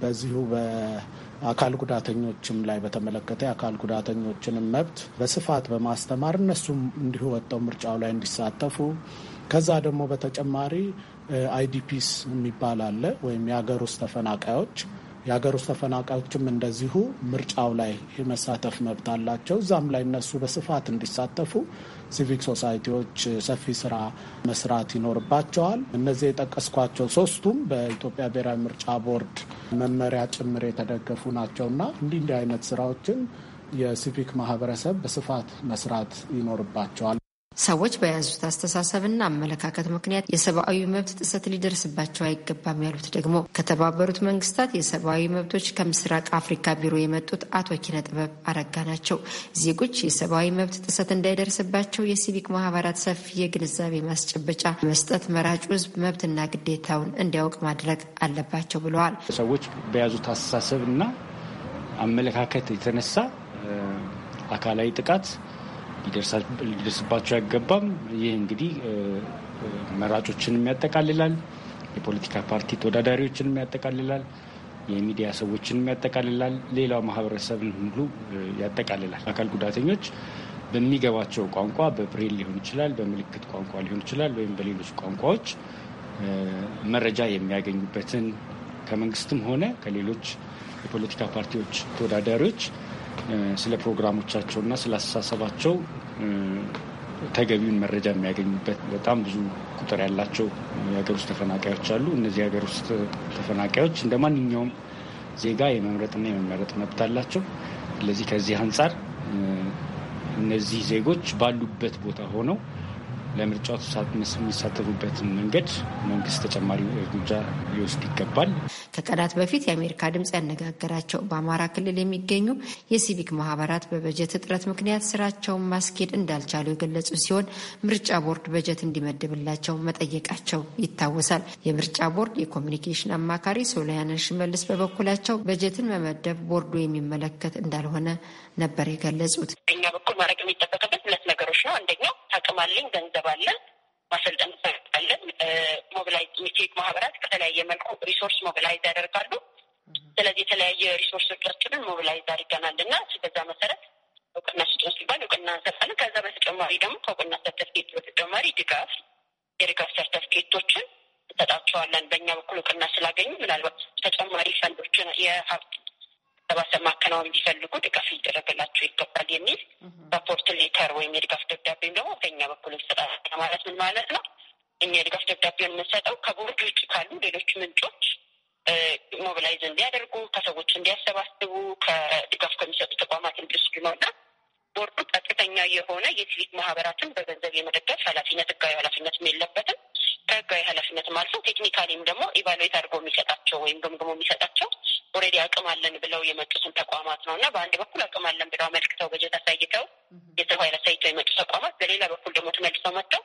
በዚሁ በአካል ጉዳተኞችም ላይ በተመለከተ የአካል ጉዳተኞችንም መብት በስፋት በማስተማር እነሱም እንዲሁ ወጥተው ምርጫው ላይ እንዲሳተፉ ከዛ ደግሞ በተጨማሪ አይዲፒስ የሚባል አለ ወይም የሀገር ውስጥ ተፈናቃዮች የሀገር ውስጥ ተፈናቃዮችም እንደዚሁ ምርጫው ላይ የመሳተፍ መብት አላቸው። እዛም ላይ እነሱ በስፋት እንዲሳተፉ ሲቪክ ሶሳይቲዎች ሰፊ ስራ መስራት ይኖርባቸዋል። እነዚህ የጠቀስኳቸው ሶስቱም በኢትዮጵያ ብሔራዊ ምርጫ ቦርድ መመሪያ ጭምር የተደገፉ ናቸውና እንዲህ እንዲህ አይነት ስራዎችን የሲቪክ ማህበረሰብ በስፋት መስራት ይኖርባቸዋል። ሰዎች በያዙት አስተሳሰብና አመለካከት ምክንያት የሰብአዊ መብት ጥሰት ሊደርስባቸው አይገባም ያሉት ደግሞ ከተባበሩት መንግስታት የሰብአዊ መብቶች ከምስራቅ አፍሪካ ቢሮ የመጡት አቶ ኪነ ጥበብ አረጋ ናቸው። ዜጎች የሰብአዊ መብት ጥሰት እንዳይደርስባቸው የሲቪክ ማህበራት ሰፊ የግንዛቤ ማስጨበጫ መስጠት መራጩ ህዝብ መብትና ግዴታውን እንዲያውቅ ማድረግ አለባቸው ብለዋል። ሰዎች በያዙት አስተሳሰብና አመለካከት የተነሳ አካላዊ ጥቃት ሊደርስባቸው አይገባም። ይህ እንግዲህ መራጮችንም ያጠቃልላል፣ የፖለቲካ ፓርቲ ተወዳዳሪዎችንም ያጠቃልላል፣ የሚዲያ ሰዎችንም ያጠቃልላል፣ ሌላው ማህበረሰብን ሁሉ ያጠቃልላል። አካል ጉዳተኞች በሚገባቸው ቋንቋ በብሬል ሊሆን ይችላል፣ በምልክት ቋንቋ ሊሆን ይችላል፣ ወይም በሌሎች ቋንቋዎች መረጃ የሚያገኙበትን ከመንግስትም ሆነ ከሌሎች የፖለቲካ ፓርቲዎች ተወዳዳሪዎች ስለ ፕሮግራሞቻቸው እና ስለ አስተሳሰባቸው ተገቢውን መረጃ የሚያገኙበት በጣም ብዙ ቁጥር ያላቸው የሀገር ውስጥ ተፈናቃዮች አሉ። እነዚህ የሀገር ውስጥ ተፈናቃዮች እንደ ማንኛውም ዜጋ የመምረጥና የመመረጥ መብት አላቸው። ስለዚህ ከዚህ አንጻር እነዚህ ዜጎች ባሉበት ቦታ ሆነው ለምርጫው የሚሳተፉበትን መንገድ መንግስት ተጨማሪ እርምጃ ሊወስድ ይገባል። ከቀናት በፊት የአሜሪካ ድምፅ ያነጋገራቸው በአማራ ክልል የሚገኙ የሲቪክ ማህበራት በበጀት እጥረት ምክንያት ስራቸውን ማስኬድ እንዳልቻሉ የገለጹ ሲሆን ምርጫ ቦርድ በጀት እንዲመድብላቸው መጠየቃቸው ይታወሳል። የምርጫ ቦርድ የኮሚኒኬሽን አማካሪ ሶሊያና ሽመልስ በበኩላቸው በጀትን መመደብ ቦርዱ የሚመለከት እንዳልሆነ ነበር የገለጹት። እኛ በኩል ማድረግ የሚጠበቅበት ነገሮች ነው። አንደኛው ታቅማለኝ ገንዘብ አለን ማሰልጠን አለን። ሞቢላይዝ ሚቴክ ማህበራት ከተለያየ መልኩ ሪሶርስ ሞቢላይዝ ያደርጋሉ። ስለዚህ የተለያየ ሪሶርሶቻችንን ሞቢላይዝ አድርገናል እና በዛ መሰረት እውቅና ስጡን ሲባል እውቅና እንሰጣለን። ከዛ በተጨማሪ ደግሞ ከእውቅና ሰርተፍኬት በተጨማሪ ድጋፍ የድጋፍ ሰርተፍኬቶችን እንሰጣቸዋለን። በእኛ በኩል እውቅና ስላገኙ ምናልባት ተጨማሪ ፈንዶችን የሀብት ለማሰብ ማከናወን ቢፈልጉ ድጋፍ ሊደረግላቸው ይገባል የሚል ሰፖርት ሌተር ወይም የድጋፍ ደብዳቤም ደግሞ በእኛ በኩል ይሰጣል። ማለት ምን ማለት ነው? እኛ የድጋፍ ደብዳቤውን የምንሰጠው ከቦርድ ውጭ ካሉ ሌሎች ምንጮች ሞቢላይዝ እንዲያደርጉ፣ ከሰዎች እንዲያሰባስቡ፣ ከድጋፍ ከሚሰጡ ተቋማት እንዲወስዱ ነው እና ቦርዱ ቀጥተኛ የሆነ የሲቪክ ማህበራትን በገንዘብ የመደገፍ ኃላፊነት ህጋዊ ኃላፊነትም የለበትም። ከህጋዊ ኃላፊነትም አልፎ ቴክኒካሊም ደግሞ ኢቫሉዌት አድርጎ የሚሰጣቸው ወይም ገምግሞ የሚሰጣቸው ኦልሬዲ አቅም አለን ብለው የመጡትን ተቋማት ነው እና በአንድ በኩል አቅም አለን ብለው አመልክተው በጀት አሳይተው የሰው ኃይል አሳይተው የመጡ ተቋማት፣ በሌላ በኩል ደግሞ ተመልሰው መጥተው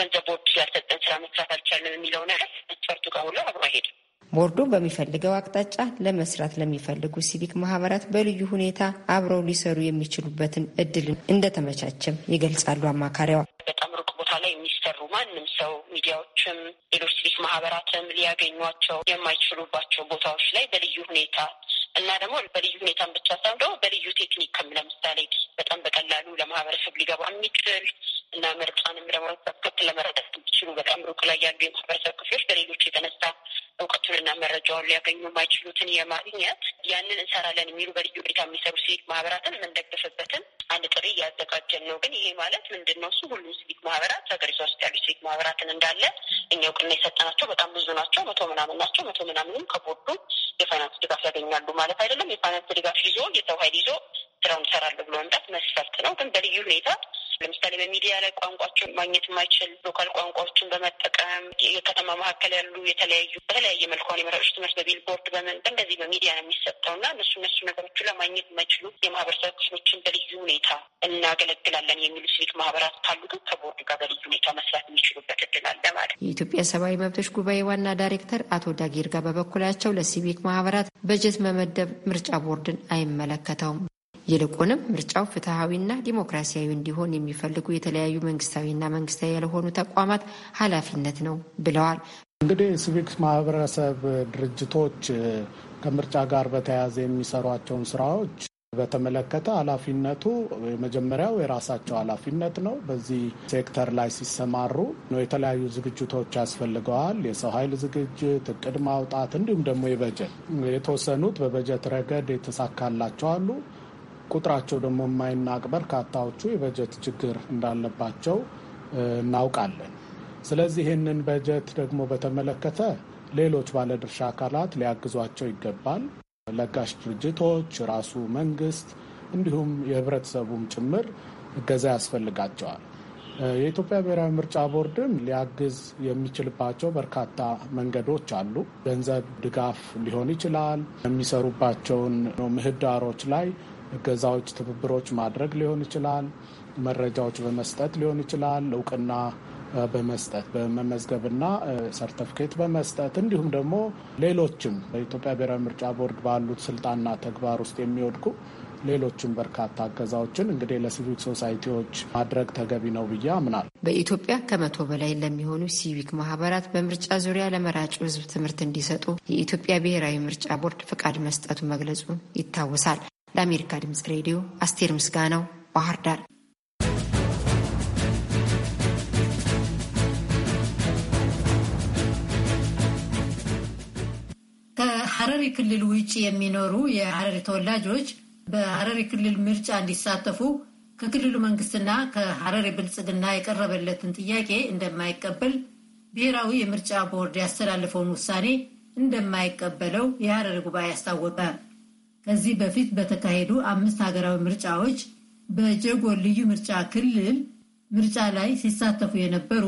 ገንዘብ ቦርድ ያልሰጠን ስራ መስራት አልቻለን የሚለው ነገር መስፈርቱ ጋር ሁሉ አብሮ አይሄድም። ቦርዱ በሚፈልገው አቅጣጫ ለመስራት ለሚፈልጉ ሲቪክ ማህበራት በልዩ ሁኔታ አብረው ሊሰሩ የሚችሉበትን እድል እንደተመቻቸም ይገልጻሉ አማካሪዋ። በጣም ሩቅ ቦታ ላይ የሚሰሩ ማንም ሰው ሚዲያዎችም፣ ሌሎች ሲቪክ ማህበራትም ሊያገኟቸው የማይችሉባቸው ቦታዎች ላይ በልዩ ሁኔታ እና ደግሞ በልዩ ሁኔታን ብቻ ሳይሆን ደግሞ በልዩ ቴክኒክም ለምሳሌ በጣም በቀላሉ ለማህበረሰብ ሊገባ የሚችል እና ምርጫንም ለማወሳት ከት ለመረዳት እንዲችሉ በጣም ሩቅ ላይ ያሉ የማህበረሰብ ክፍሎች በሌሎች የተነሳ እውቀቱንና መረጃውን ሊያገኙ የማይችሉትን የማግኘት ያንን እንሰራለን የሚሉ በልዩ ሁኔታ የሚሰሩ ሲቪክ ማህበራትን የምንደግፍበትን አንድ ጥሪ እያዘጋጀን ነው። ግን ይሄ ማለት ምንድን ነው? እሱ ሁሉም ሲቪክ ማህበራት ሀገሪቷ ውስጥ ያሉ ሲቪክ ማህበራትን እንዳለ እኛ እውቅና የሰጠናቸው በጣም ብዙ ናቸው። መቶ ምናምን ናቸው። መቶ ምናምንም ከቦርዱ የፋይናንስ ድጋፍ ያገኛሉ ማለት አይደለም። የፋይናንስ ድጋፍ ይዞ የሰው ኃይል ይዞ ስራውን ሰራለሁ ብሎ መምጣት መስፈርት ነው። ግን በልዩ ሁኔታ ለምሳሌ በሚዲያ ላይ ቋንቋቸውን ማግኘት የማይችል ሎካል ቋንቋዎችን በመጠቀም የከተማ መካከል ያሉ የተለያዩ በተለያየ መልኳን የመራጮች ትምህርት በቢልቦርድ በምን እንደዚህ በሚዲያ ነው የሚሰጠው እና እነሱ እነሱ ነገሮቹ ለማግኘት የማይችሉ የማህበረሰብ ክፍሎችን በልዩ ሁኔታ እናገለግላለን የሚሉ ሲቪክ ማህበራት ካሉ ግን ከቦርድ ጋር በልዩ ሁኔታ መስራት የሚችሉበት እድል አለ ማለት። የኢትዮጵያ ሰብአዊ መብቶች ጉባኤ ዋና ዳይሬክተር አቶ ዳጊር ጋር በበኩላቸው ለሲቪክ ማህበራት በጀት መመደብ ምርጫ ቦርድን አይመለከተውም ይልቁንም ምርጫው ፍትሐዊና ዲሞክራሲያዊ እንዲሆን የሚፈልጉ የተለያዩ መንግስታዊና መንግስታዊ ያልሆኑ ተቋማት ኃላፊነት ነው ብለዋል። እንግዲህ ሲቪክ ማህበረሰብ ድርጅቶች ከምርጫ ጋር በተያያዘ የሚሰሯቸውን ስራዎች በተመለከተ ኃላፊነቱ የመጀመሪያው የራሳቸው ኃላፊነት ነው። በዚህ ሴክተር ላይ ሲሰማሩ የተለያዩ ዝግጅቶች ያስፈልገዋል። የሰው ኃይል ዝግጅት፣ እቅድ ማውጣት እንዲሁም ደግሞ የበጀት የተወሰኑት በበጀት ረገድ የተሳካላቸው አሉ። ቁጥራቸው ደግሞ የማይናቅ በርካታዎቹ የበጀት ችግር እንዳለባቸው እናውቃለን። ስለዚህ ይህንን በጀት ደግሞ በተመለከተ ሌሎች ባለድርሻ አካላት ሊያግዟቸው ይገባል። ለጋሽ ድርጅቶች፣ ራሱ መንግስት፣ እንዲሁም የህብረተሰቡም ጭምር እገዛ ያስፈልጋቸዋል። የኢትዮጵያ ብሔራዊ ምርጫ ቦርድም ሊያግዝ የሚችልባቸው በርካታ መንገዶች አሉ። ገንዘብ ድጋፍ ሊሆን ይችላል። የሚሰሩባቸውን ምህዳሮች ላይ እገዛዎች፣ ትብብሮች ማድረግ ሊሆን ይችላል። መረጃዎች በመስጠት ሊሆን ይችላል። እውቅና በመስጠት በመመዝገብና ሰርተፍኬት በመስጠት እንዲሁም ደግሞ ሌሎችም በኢትዮጵያ ብሔራዊ ምርጫ ቦርድ ባሉት ስልጣንና ተግባር ውስጥ የሚወድቁ ሌሎችም በርካታ ገዛዎችን እንግዲህ ለሲቪክ ሶሳይቲዎች ማድረግ ተገቢ ነው ብዬ አምናል። በኢትዮጵያ ከመቶ በላይ ለሚሆኑ ሲቪክ ማህበራት በምርጫ ዙሪያ ለመራጩ ሕዝብ ትምህርት እንዲሰጡ የኢትዮጵያ ብሔራዊ ምርጫ ቦርድ ፍቃድ መስጠቱ መግለጹ ይታወሳል። ለአሜሪካ ድምፅ ሬዲዮ አስቴር ምስጋናው ባህር ዳር። ከሐረሪ ክልል ውጭ የሚኖሩ የሐረሪ ተወላጆች በሐረሪ ክልል ምርጫ እንዲሳተፉ ከክልሉ መንግስትና ከሐረሪ ብልጽግና የቀረበለትን ጥያቄ እንደማይቀበል ብሔራዊ የምርጫ ቦርድ ያስተላለፈውን ውሳኔ እንደማይቀበለው የሐረሪ ጉባኤ አስታወቀ። ከዚህ በፊት በተካሄዱ አምስት ሀገራዊ ምርጫዎች በጀጎል ልዩ ምርጫ ክልል ምርጫ ላይ ሲሳተፉ የነበሩ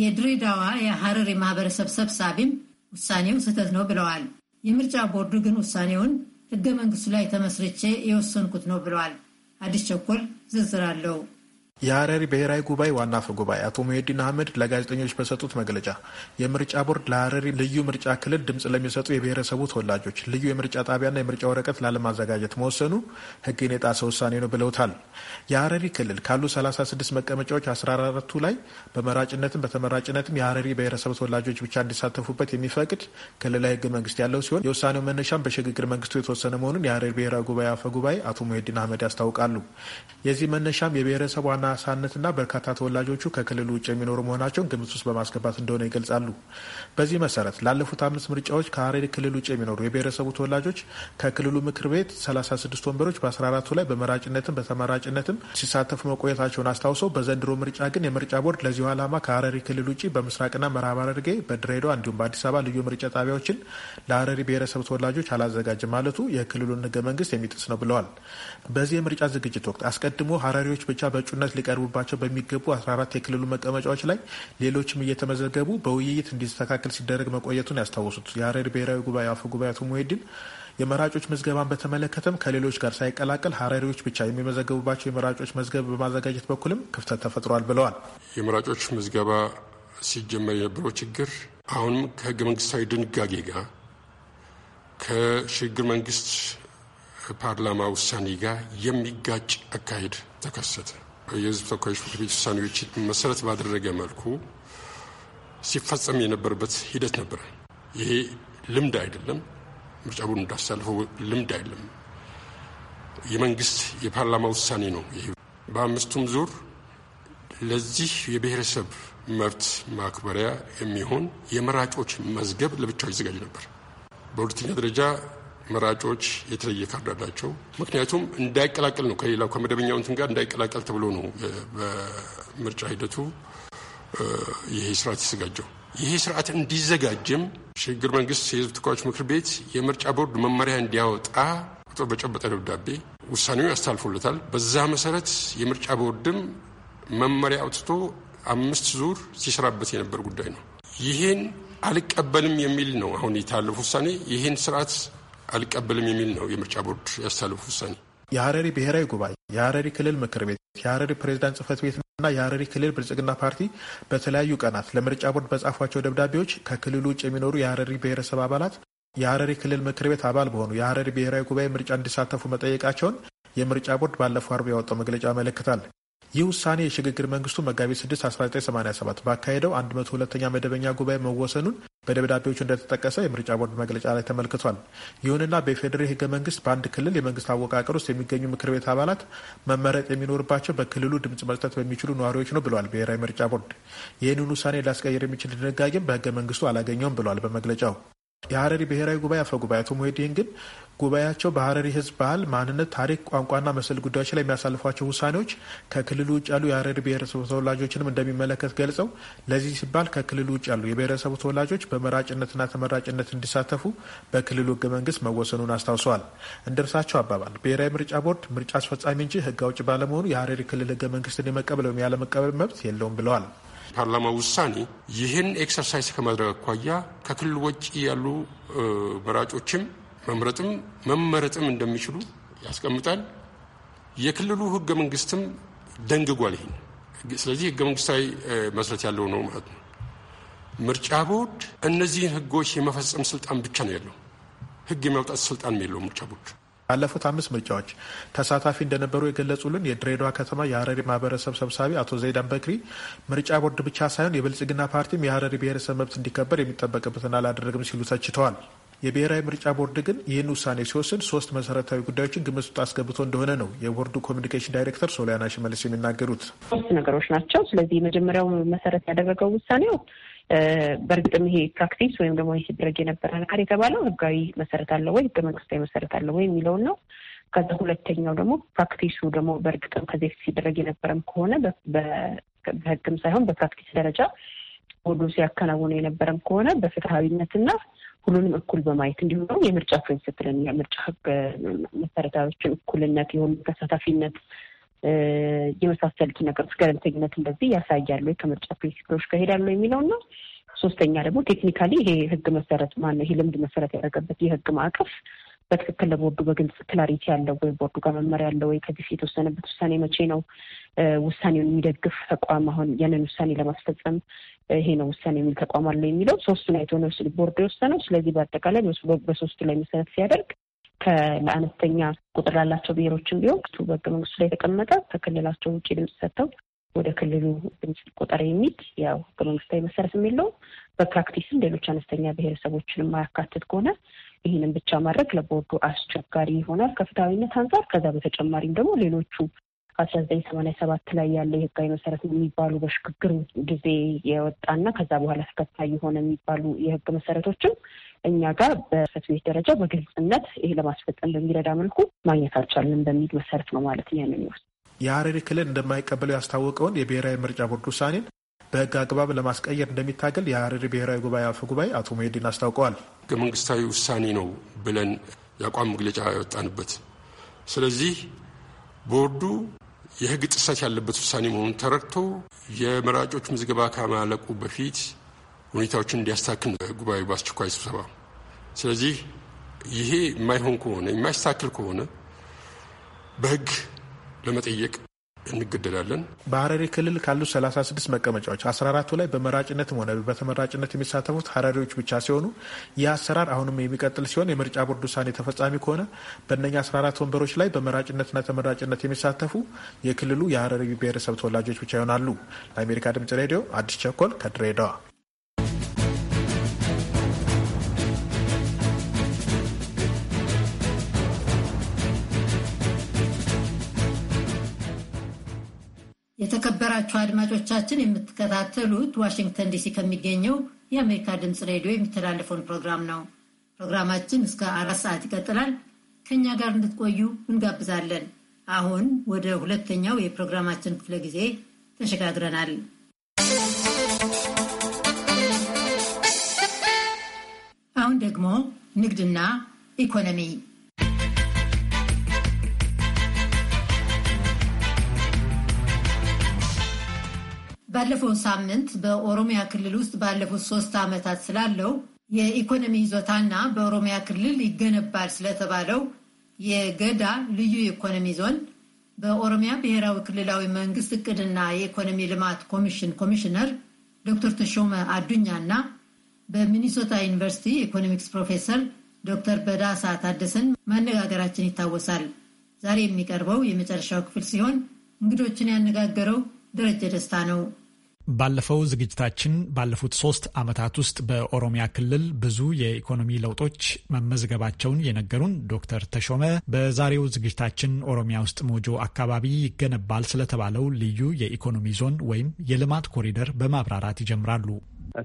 የድሬዳዋ የሐረር የማህበረሰብ ሰብሳቢም ውሳኔው ስህተት ነው ብለዋል። የምርጫ ቦርዱ ግን ውሳኔውን ህገ መንግስቱ ላይ ተመስርቼ የወሰንኩት ነው ብለዋል። አዲስ ቸኮል ዝርዝር አለው። የሀረሪ ብሔራዊ ጉባኤ ዋና አፈ ጉባኤ አቶ ሙሄዲን አህመድ ለጋዜጠኞች በሰጡት መግለጫ የምርጫ ቦርድ ለአረሪ ልዩ ምርጫ ክልል ድምፅ ለሚሰጡ የብሔረሰቡ ተወላጆች ልዩ የምርጫ ጣቢያና የምርጫ ወረቀት ላለማዘጋጀት መወሰኑ ሕግን የጣሰ ውሳኔ ነው ብለውታል። የሀረሪ ክልል ካሉ 36 መቀመጫዎች 14ቱ ላይ በመራጭነትም በተመራጭነትም የሀረሪ ብሔረሰብ ተወላጆች ብቻ እንዲሳተፉበት የሚፈቅድ ክልላዊ ሕገ መንግስት ያለው ሲሆን የውሳኔው መነሻም በሽግግር መንግስቱ የተወሰነ መሆኑን የአረሪ ብሔራዊ ጉባኤ አፈ ጉባኤ አቶ ሙሄዲን አህመድ ያስታውቃሉ። የዚህ መነሻም የብሔረሰብ ዋና አናሳነትና በርካታ ተወላጆቹ ከክልሉ ውጭ የሚኖሩ መሆናቸውን ግምት ውስጥ በማስገባት እንደሆነ ይገልጻሉ። በዚህ መሰረት ላለፉት አምስት ምርጫዎች ከሀረሪ ክልል ውጭ የሚኖሩ የብሔረሰቡ ተወላጆች ከክልሉ ምክር ቤት 36 ወንበሮች በ14ቱ ላይ በመራጭነትም በተመራጭነትም ሲሳተፉ መቆየታቸውን አስታውሰው በዘንድሮ ምርጫ ግን የምርጫ ቦርድ ለዚሁ ዓላማ ከሀረሪ ክልል ውጭ በምስራቅና ምዕራብ ሐረርጌ በድሬዳዋ እንዲሁም በአዲስ አበባ ልዩ ምርጫ ጣቢያዎችን ለሀረሪ ብሔረሰብ ተወላጆች አላዘጋጅም ማለቱ የክልሉን ህገ መንግስት የሚጥስ ነው ብለዋል። በዚህ የምርጫ ዝግጅት ወቅት አስቀድሞ ሀረሪዎች ብቻ በእጩነት ሊቀርቡባቸው በሚገቡ 14 የክልሉ መቀመጫዎች ላይ ሌሎችም እየተመዘገቡ በውይይት እንዲስተካከል ሲደረግ መቆየቱን ያስታወሱት የሀረሪ ብሔራዊ ጉባኤ አፈ ጉባኤ አቶ ሙሄድን የመራጮች መዝገባን በተመለከተም ከሌሎች ጋር ሳይቀላቀል ሀረሪዎች ብቻ የሚመዘገቡባቸው የመራጮች መዝገብ በማዘጋጀት በኩልም ክፍተት ተፈጥሯል ብለዋል። የመራጮች ምዝገባ ሲጀመር የነበረው ችግር አሁንም ከህገ መንግስታዊ ድንጋጌ ጋር ከሽግግር መንግስት ፓርላማ ውሳኔ ጋር የሚጋጭ አካሄድ ተከሰተ። የህዝብ ተወካዮች ምክር ቤት ውሳኔዎች መሰረት ባደረገ መልኩ ሲፈጸም የነበረበት ሂደት ነበረ። ይሄ ልምድ አይደለም። ምርጫ ቦርድ እንዳሳልፈው ልምድ አይደለም። የመንግስት የፓርላማ ውሳኔ ነው። ይሄ በአምስቱም ዙር ለዚህ የብሔረሰብ መብት ማክበሪያ የሚሆን የመራጮች መዝገብ ለብቻው ይዘጋጅ ነበር። በሁለተኛ ደረጃ መራጮች የተለየ ካርድ አላቸው። ምክንያቱም እንዳይቀላቀል ነው ከሌላው ከመደበኛው እንትን ጋር እንዳይቀላቀል ተብሎ ነው በምርጫ ሂደቱ ይሄ ስርዓት የተዘጋጀው። ይሄ ስርዓት እንዲዘጋጅም ሽግግር መንግስት የህዝብ ተወካዮች ምክር ቤት የምርጫ ቦርድ መመሪያ እንዲያወጣ ቁጥር በጨበጠ ደብዳቤ ውሳኔው ያስታልፎለታል። በዛ መሰረት የምርጫ ቦርድም መመሪያ አውጥቶ አምስት ዙር ሲሰራበት የነበር ጉዳይ ነው። ይህን አልቀበልም የሚል ነው አሁን የታለፈ ውሳኔ ይህን ስርዓት አልቀበልም የሚል ነው የምርጫ ቦርድ ያሳለፉ ውሳኔ። የሀረሪ ብሔራዊ ጉባኤ፣ የሀረሪ ክልል ምክር ቤት፣ የሀረሪ ፕሬዚዳንት ጽህፈት ቤትና የሀረሪ ክልል ብልጽግና ፓርቲ በተለያዩ ቀናት ለምርጫ ቦርድ በጻፏቸው ደብዳቤዎች ከክልሉ ውጭ የሚኖሩ የሀረሪ ብሔረሰብ አባላት የሀረሪ ክልል ምክር ቤት አባል በሆኑ የሀረሪ ብሔራዊ ጉባኤ ምርጫ እንዲሳተፉ መጠየቃቸውን የምርጫ ቦርድ ባለፈው አርብ ያወጣው መግለጫ ያመለክታል። ይህ ውሳኔ የሽግግር መንግስቱ መጋቢት 6 1987 ባካሄደው 102ኛ መደበኛ ጉባኤ መወሰኑን በደብዳቤዎቹ እንደተጠቀሰ የምርጫ ቦርድ መግለጫ ላይ ተመልክቷል። ይሁንና በፌዴሬ ህገ መንግስት በአንድ ክልል የመንግስት አወቃቀር ውስጥ የሚገኙ ምክር ቤት አባላት መመረጥ የሚኖርባቸው በክልሉ ድምፅ መስጠት በሚችሉ ነዋሪዎች ነው ብለዋል ብሔራዊ ምርጫ ቦርድ። ይህንን ውሳኔ ሊያስቀይር የሚችል ድንጋጌም በህገ መንግስቱ አላገኘውም ብለዋል በመግለጫው። የሀረሪ ብሔራዊ ጉባኤ አፈ ጉባኤ አቶ ግን ጉባኤያቸው በሀረሪ ህዝብ ባህል፣ ማንነት፣ ታሪክ፣ ቋንቋና መሰል ጉዳዮች ላይ የሚያሳልፏቸው ውሳኔዎች ከክልሉ ውጭ ያሉ የሀረሪ ብሔረሰቡ ተወላጆችንም እንደሚመለከት ገልጸው ለዚህ ሲባል ከክልሉ ውጭ ያሉ የብሔረሰቡ ተወላጆች በመራጭነትና ተመራጭነት እንዲሳተፉ በክልሉ ህገ መንግስት መወሰኑን አስታውሰዋል። እንደ እርሳቸው አባባል ብሔራዊ ምርጫ ቦርድ ምርጫ አስፈጻሚ እንጂ ህግ አውጭ ባለመሆኑ የሀረሪ ክልል ህገ መንግስትን የመቀበል ወይም ያለመቀበል መብት የለውም ብለዋል። ፓርላማ ውሳኔ ይህን ኤክሰርሳይዝ ከማድረግ አኳያ ከክልል ውጭ ያሉ መራጮችም መምረጥም መመረጥም እንደሚችሉ ያስቀምጣል። የክልሉ ህገ መንግስትም ደንግጓል ይሄን። ስለዚህ ህገ መንግስታዊ መስረት ያለው ነው ማለት ነው። ምርጫ ቦርድ እነዚህን ህጎች የመፈጸም ስልጣን ብቻ ነው ያለው። ህግ የማውጣት ስልጣን የለው ምርጫ ቦርድ። ባለፉት አምስት ምርጫዎች ተሳታፊ እንደነበሩ የገለጹልን የድሬዳዋ ከተማ የሀረሪ ማህበረሰብ ሰብሳቢ አቶ ዘይዳን በክሪ ምርጫ ቦርድ ብቻ ሳይሆን የብልጽግና ፓርቲም የሀረሪ ብሔረሰብ መብት እንዲከበር የሚጠበቅበትን አላደረግም ሲሉ ተችተዋል። የብሔራዊ ምርጫ ቦርድ ግን ይህን ውሳኔ ሲወስን ሶስት መሰረታዊ ጉዳዮችን ግምት ውስጥ አስገብቶ እንደሆነ ነው የቦርዱ ኮሚኒኬሽን ዳይሬክተር ሶሊያና ሽመልስ የሚናገሩት። ሶስት ነገሮች ናቸው። ስለዚህ የመጀመሪያው መሰረት ያደረገው ውሳኔው በእርግጥም ይሄ ፕራክቲስ ወይም ደግሞ ሲደረግ የነበረ ነገር የተባለው ህጋዊ መሰረት አለው ወይ፣ ህገ መንግስታዊ መሰረት አለው ወይ የሚለውን ነው። ከዛ ሁለተኛው ደግሞ ፕራክቲሱ ደግሞ በእርግጥም ከዚህ በፊት ሲደረግ የነበረም ከሆነ በህግም ሳይሆን በፕራክቲስ ደረጃ ቦርዱ ሲያከናውኑ የነበረም ከሆነ በፍትሀዊነትና ሁሉንም እኩል በማየት እንዲሁም የምርጫ ፕሪንስፕልን የምርጫ ህግ መሰረታዎችን እኩልነት፣ የሆኑ ተሳታፊነት የመሳሰሉት ነገሮች ገለልተኝነት እንደዚህ ያሳያሉ ከምርጫ ፕሪንስፕሎች ጋር ሄዳሉ የሚለው ነው። ሶስተኛ ደግሞ ቴክኒካሊ ይሄ ህግ መሰረት ማነው ይሄ ልምድ መሰረት ያደረገበት የህግ ማዕቀፍ በትክክል ለቦርዱ በግልጽ ክላሪቲ ያለው ወይ ቦርዱ ጋር መመሪያ ያለው ወይ ከዚህ የተወሰነበት ውሳኔ መቼ ነው ውሳኔውን የሚደግፍ ተቋም አሁን ያንን ውሳኔ ለማስፈጸም ይሄ ነው ውሳኔ የሚል ተቋም አለ የሚለው ሶስቱን አይቶ ነው ቦርዱ የወሰነው። ስለዚህ በአጠቃላይ በሶስቱ ላይ መሰረት ሲያደርግ ከለአነስተኛ ቁጥር ላላቸው ብሔሮችም ቢሆን ክቱ በህገ መንግስቱ ላይ የተቀመጠ ከክልላቸው ውጭ ድምጽ ሰጥተው ወደ ክልሉ ድምፅ ቁጥር የሚል ያው ህገ መንግስታዊ መሰረት የሚለው በፕራክቲስም ሌሎች አነስተኛ ብሔረሰቦችን የማያካትት ከሆነ ይህንን ብቻ ማድረግ ለቦርዱ አስቸጋሪ ይሆናል ከፍትሐዊነት አንጻር። ከዛ በተጨማሪም ደግሞ ሌሎቹ አስራ ዘጠኝ ሰማኒያ ሰባት ላይ ያለ የህጋዊ መሰረት የሚባሉ በሽግግር ጊዜ የወጣና ከዛ በኋላ ተከታይ የሆነ የሚባሉ የህግ መሰረቶችም እኛ ጋር በጽሕፈት ቤት ደረጃ በግልጽነት ይሄ ለማስፈጸም በሚረዳ መልኩ ማግኘት አልቻልንም በሚል መሰረት ነው ማለት ያንን ይወስ የሀረሪ ክልል እንደማይቀበለው ያስታወቀውን የብሔራዊ ምርጫ ቦርድ ውሳኔን በህግ አግባብ ለማስቀየር እንደሚታገል የሀረሪ ብሔራዊ ጉባኤ አፈ ጉባኤ አቶ ሙሄዲን አስታውቀዋል። ህገ መንግስታዊ ውሳኔ ነው ብለን የአቋም መግለጫ ያወጣንበት። ስለዚህ ቦርዱ የህግ ጥሰት ያለበት ውሳኔ መሆኑን ተረድቶ የመራጮች ምዝገባ ከማለቁ በፊት ሁኔታዎችን እንዲያስታክል ጉባኤ በአስቸኳይ ስብሰባ። ስለዚህ ይሄ የማይሆን ከሆነ የማይስተካከል ከሆነ በህግ ለመጠየቅ እንገደዳለን። በሀረሪ ክልል ካሉ 36 መቀመጫዎች 14ቱ ላይ በመራጭነትም ሆነ በተመራጭነት የሚሳተፉት ሀረሪዎች ብቻ ሲሆኑ ይህ አሰራር አሁንም የሚቀጥል ሲሆን የምርጫ ቦርድ ውሳኔ ተፈጻሚ ከሆነ በእነኛ 14 ወንበሮች ላይ በመራጭነትና ተመራጭነት የሚሳተፉ የክልሉ የሀረሪ ብሔረሰብ ተወላጆች ብቻ ይሆናሉ። ለአሜሪካ ድምጽ ሬዲዮ አዲስ ቸኮል ከድሬዳዋ የተከበራችሁ አድማጮቻችን የምትከታተሉት ዋሽንግተን ዲሲ ከሚገኘው የአሜሪካ ድምፅ ሬዲዮ የሚተላለፈውን ፕሮግራም ነው። ፕሮግራማችን እስከ አራት ሰዓት ይቀጥላል። ከእኛ ጋር እንድትቆዩ እንጋብዛለን። አሁን ወደ ሁለተኛው የፕሮግራማችን ክፍለ ጊዜ ተሸጋግረናል። አሁን ደግሞ ንግድና ኢኮኖሚ ባለፈው ሳምንት በኦሮሚያ ክልል ውስጥ ባለፉት ሶስት ዓመታት ስላለው የኢኮኖሚ ይዞታና በኦሮሚያ ክልል ይገነባል ስለተባለው የገዳ ልዩ ኢኮኖሚ ዞን በኦሮሚያ ብሔራዊ ክልላዊ መንግስት እቅድና የኢኮኖሚ ልማት ኮሚሽን ኮሚሽነር ዶክተር ተሾመ አዱኛ እና በሚኒሶታ ዩኒቨርሲቲ ኢኮኖሚክስ ፕሮፌሰር ዶክተር በዳሳ ታደሰን ማነጋገራችን ይታወሳል። ዛሬ የሚቀርበው የመጨረሻው ክፍል ሲሆን እንግዶችን ያነጋገረው ደረጀ ደስታ ነው። ባለፈው ዝግጅታችን ባለፉት ሶስት ዓመታት ውስጥ በኦሮሚያ ክልል ብዙ የኢኮኖሚ ለውጦች መመዝገባቸውን የነገሩን ዶክተር ተሾመ በዛሬው ዝግጅታችን ኦሮሚያ ውስጥ ሞጆ አካባቢ ይገነባል ስለተባለው ልዩ የኢኮኖሚ ዞን ወይም የልማት ኮሪደር በማብራራት ይጀምራሉ።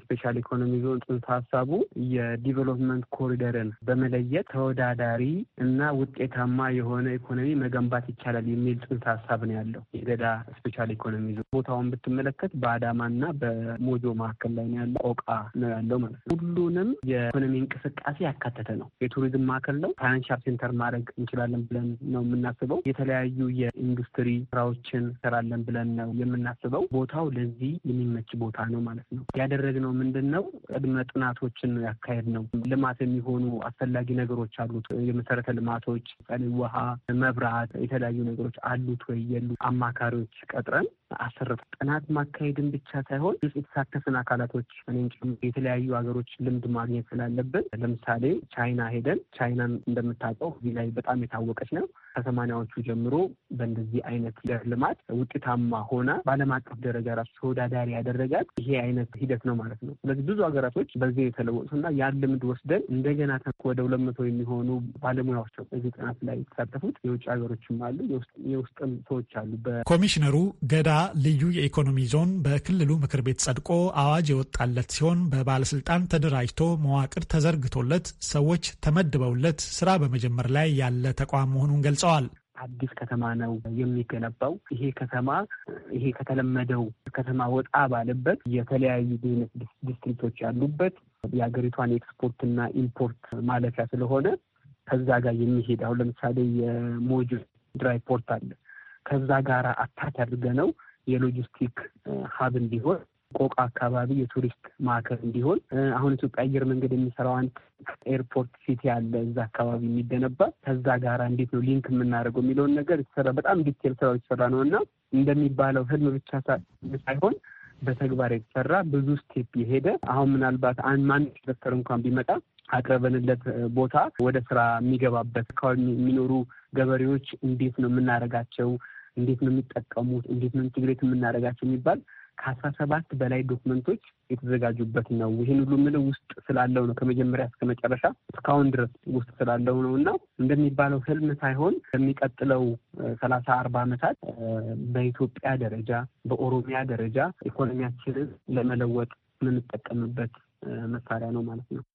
ስፔሻል ኢኮኖሚ ዞን ጽንሰ ሀሳቡ የዲቨሎፕመንት ኮሪደርን በመለየት ተወዳዳሪ እና ውጤታማ የሆነ ኢኮኖሚ መገንባት ይቻላል የሚል ጽንሰ ሀሳብ ነው ያለው የገዳ ስፔሻል ኢኮኖሚ ዞን። ቦታውን ብትመለከት በአዳማና በሞጆ መካከል ላይ ነው ያለው። ቆቃ ነው ያለው ማለት ነው። ሁሉንም የኢኮኖሚ እንቅስቃሴ ያካተተ ነው። የቱሪዝም ማዕከል ነው። ፋይናንሻል ሴንተር ማድረግ እንችላለን ብለን ነው የምናስበው። የተለያዩ የኢንዱስትሪ ስራዎችን እንሰራለን ብለን ነው የምናስበው። ቦታው ለዚህ የሚመች ቦታ ነው ማለት ነው ያደረገ ያደረግነው ምንድን ነው? ቅድመ ጥናቶችን ያካሄድ ነው። ልማት የሚሆኑ አስፈላጊ ነገሮች አሉት። የመሰረተ ልማቶች፣ ውሃ፣ መብራት፣ የተለያዩ ነገሮች አሉት ወይ የሉ? አማካሪዎች ቀጥረን አሰረፍ ጥናት ማካሄድን ብቻ ሳይሆን የተሳተፍን አካላቶች እኔን ጨምሮ የተለያዩ ሀገሮች ልምድ ማግኘት ስላለብን ለምሳሌ ቻይና ሄደን ቻይናን እንደምታውቀው እዚህ ላይ በጣም የታወቀች ነው። ከሰማኒያዎቹ ጀምሮ በእንደዚህ አይነት ልማት ውጤታማ ሆና በዓለም አቀፍ ደረጃ ራሱ ተወዳዳሪ ያደረጋት ይሄ አይነት ሂደት ነው ማለት ነው። ስለዚህ ብዙ ሀገራቶች በዚህ የተለወጡና ያን ልምድ ወስደን እንደገና ወደ ሁለት መቶ የሚሆኑ ባለሙያዎች በዚህ ጥናት ላይ የተሳተፉት የውጭ ሀገሮችም አሉ፣ የውስጥም ሰዎች አሉ። ኮሚሽነሩ ገዳ ልዩ የኢኮኖሚ ዞን በክልሉ ምክር ቤት ጸድቆ አዋጅ የወጣለት ሲሆን በባለስልጣን ተደራጅቶ መዋቅር ተዘርግቶለት ሰዎች ተመድበውለት ስራ በመጀመር ላይ ያለ ተቋም መሆኑን ገልጸዋል። አዲስ ከተማ ነው የሚገነባው። ይሄ ከተማ ይሄ ከተለመደው ከተማ ወጣ ባለበት የተለያዩ ቢዝነስ ዲስትሪክቶች ያሉበት የሀገሪቷን ኤክስፖርትና ኢምፖርት ማለፊያ ስለሆነ ከዛ ጋር የሚሄድ አሁን ለምሳሌ የሞጆ ድራይ ፖርት አለ። ከዛ ጋር አታች አድርገ ነው የሎጂስቲክ ሀብ እንዲሆን ቆቃ አካባቢ የቱሪስት ማዕከል እንዲሆን አሁን ኢትዮጵያ አየር መንገድ የሚሰራው አንድ ኤርፖርት ሲቲ ያለ እዛ አካባቢ የሚገነባ ከዛ ጋር እንዴት ነው ሊንክ የምናደርገው የሚለውን ነገር የተሰራ በጣም ዲቴል ስራው የተሰራ ነው እና እንደሚባለው ህልም ብቻ ሳይሆን በተግባር የተሰራ ብዙ ስቴፕ የሄደ አሁን ምናልባት ማን ኢንስትራክተር እንኳን ቢመጣ አቅርበንለት ቦታ ወደ ስራ የሚገባበት አካባቢ የሚኖሩ ገበሬዎች እንዴት ነው የምናደርጋቸው፣ እንዴት ነው የሚጠቀሙት፣ እንዴት ነው ኢንትግሬት የምናደርጋቸው የሚባል ከአስራ ሰባት በላይ ዶክመንቶች የተዘጋጁበት ነው። ይህን ሁሉ ምል ውስጥ ስላለው ነው። ከመጀመሪያ እስከ መጨረሻ እስካሁን ድረስ ውስጥ ስላለው ነው እና እንደሚባለው ህልም ሳይሆን ከሚቀጥለው ሰላሳ አርባ ዓመታት በኢትዮጵያ ደረጃ በኦሮሚያ ደረጃ ኢኮኖሚያችንን ለመለወጥ የምንጠቀምበት መሳሪያ ነው ማለት ነው።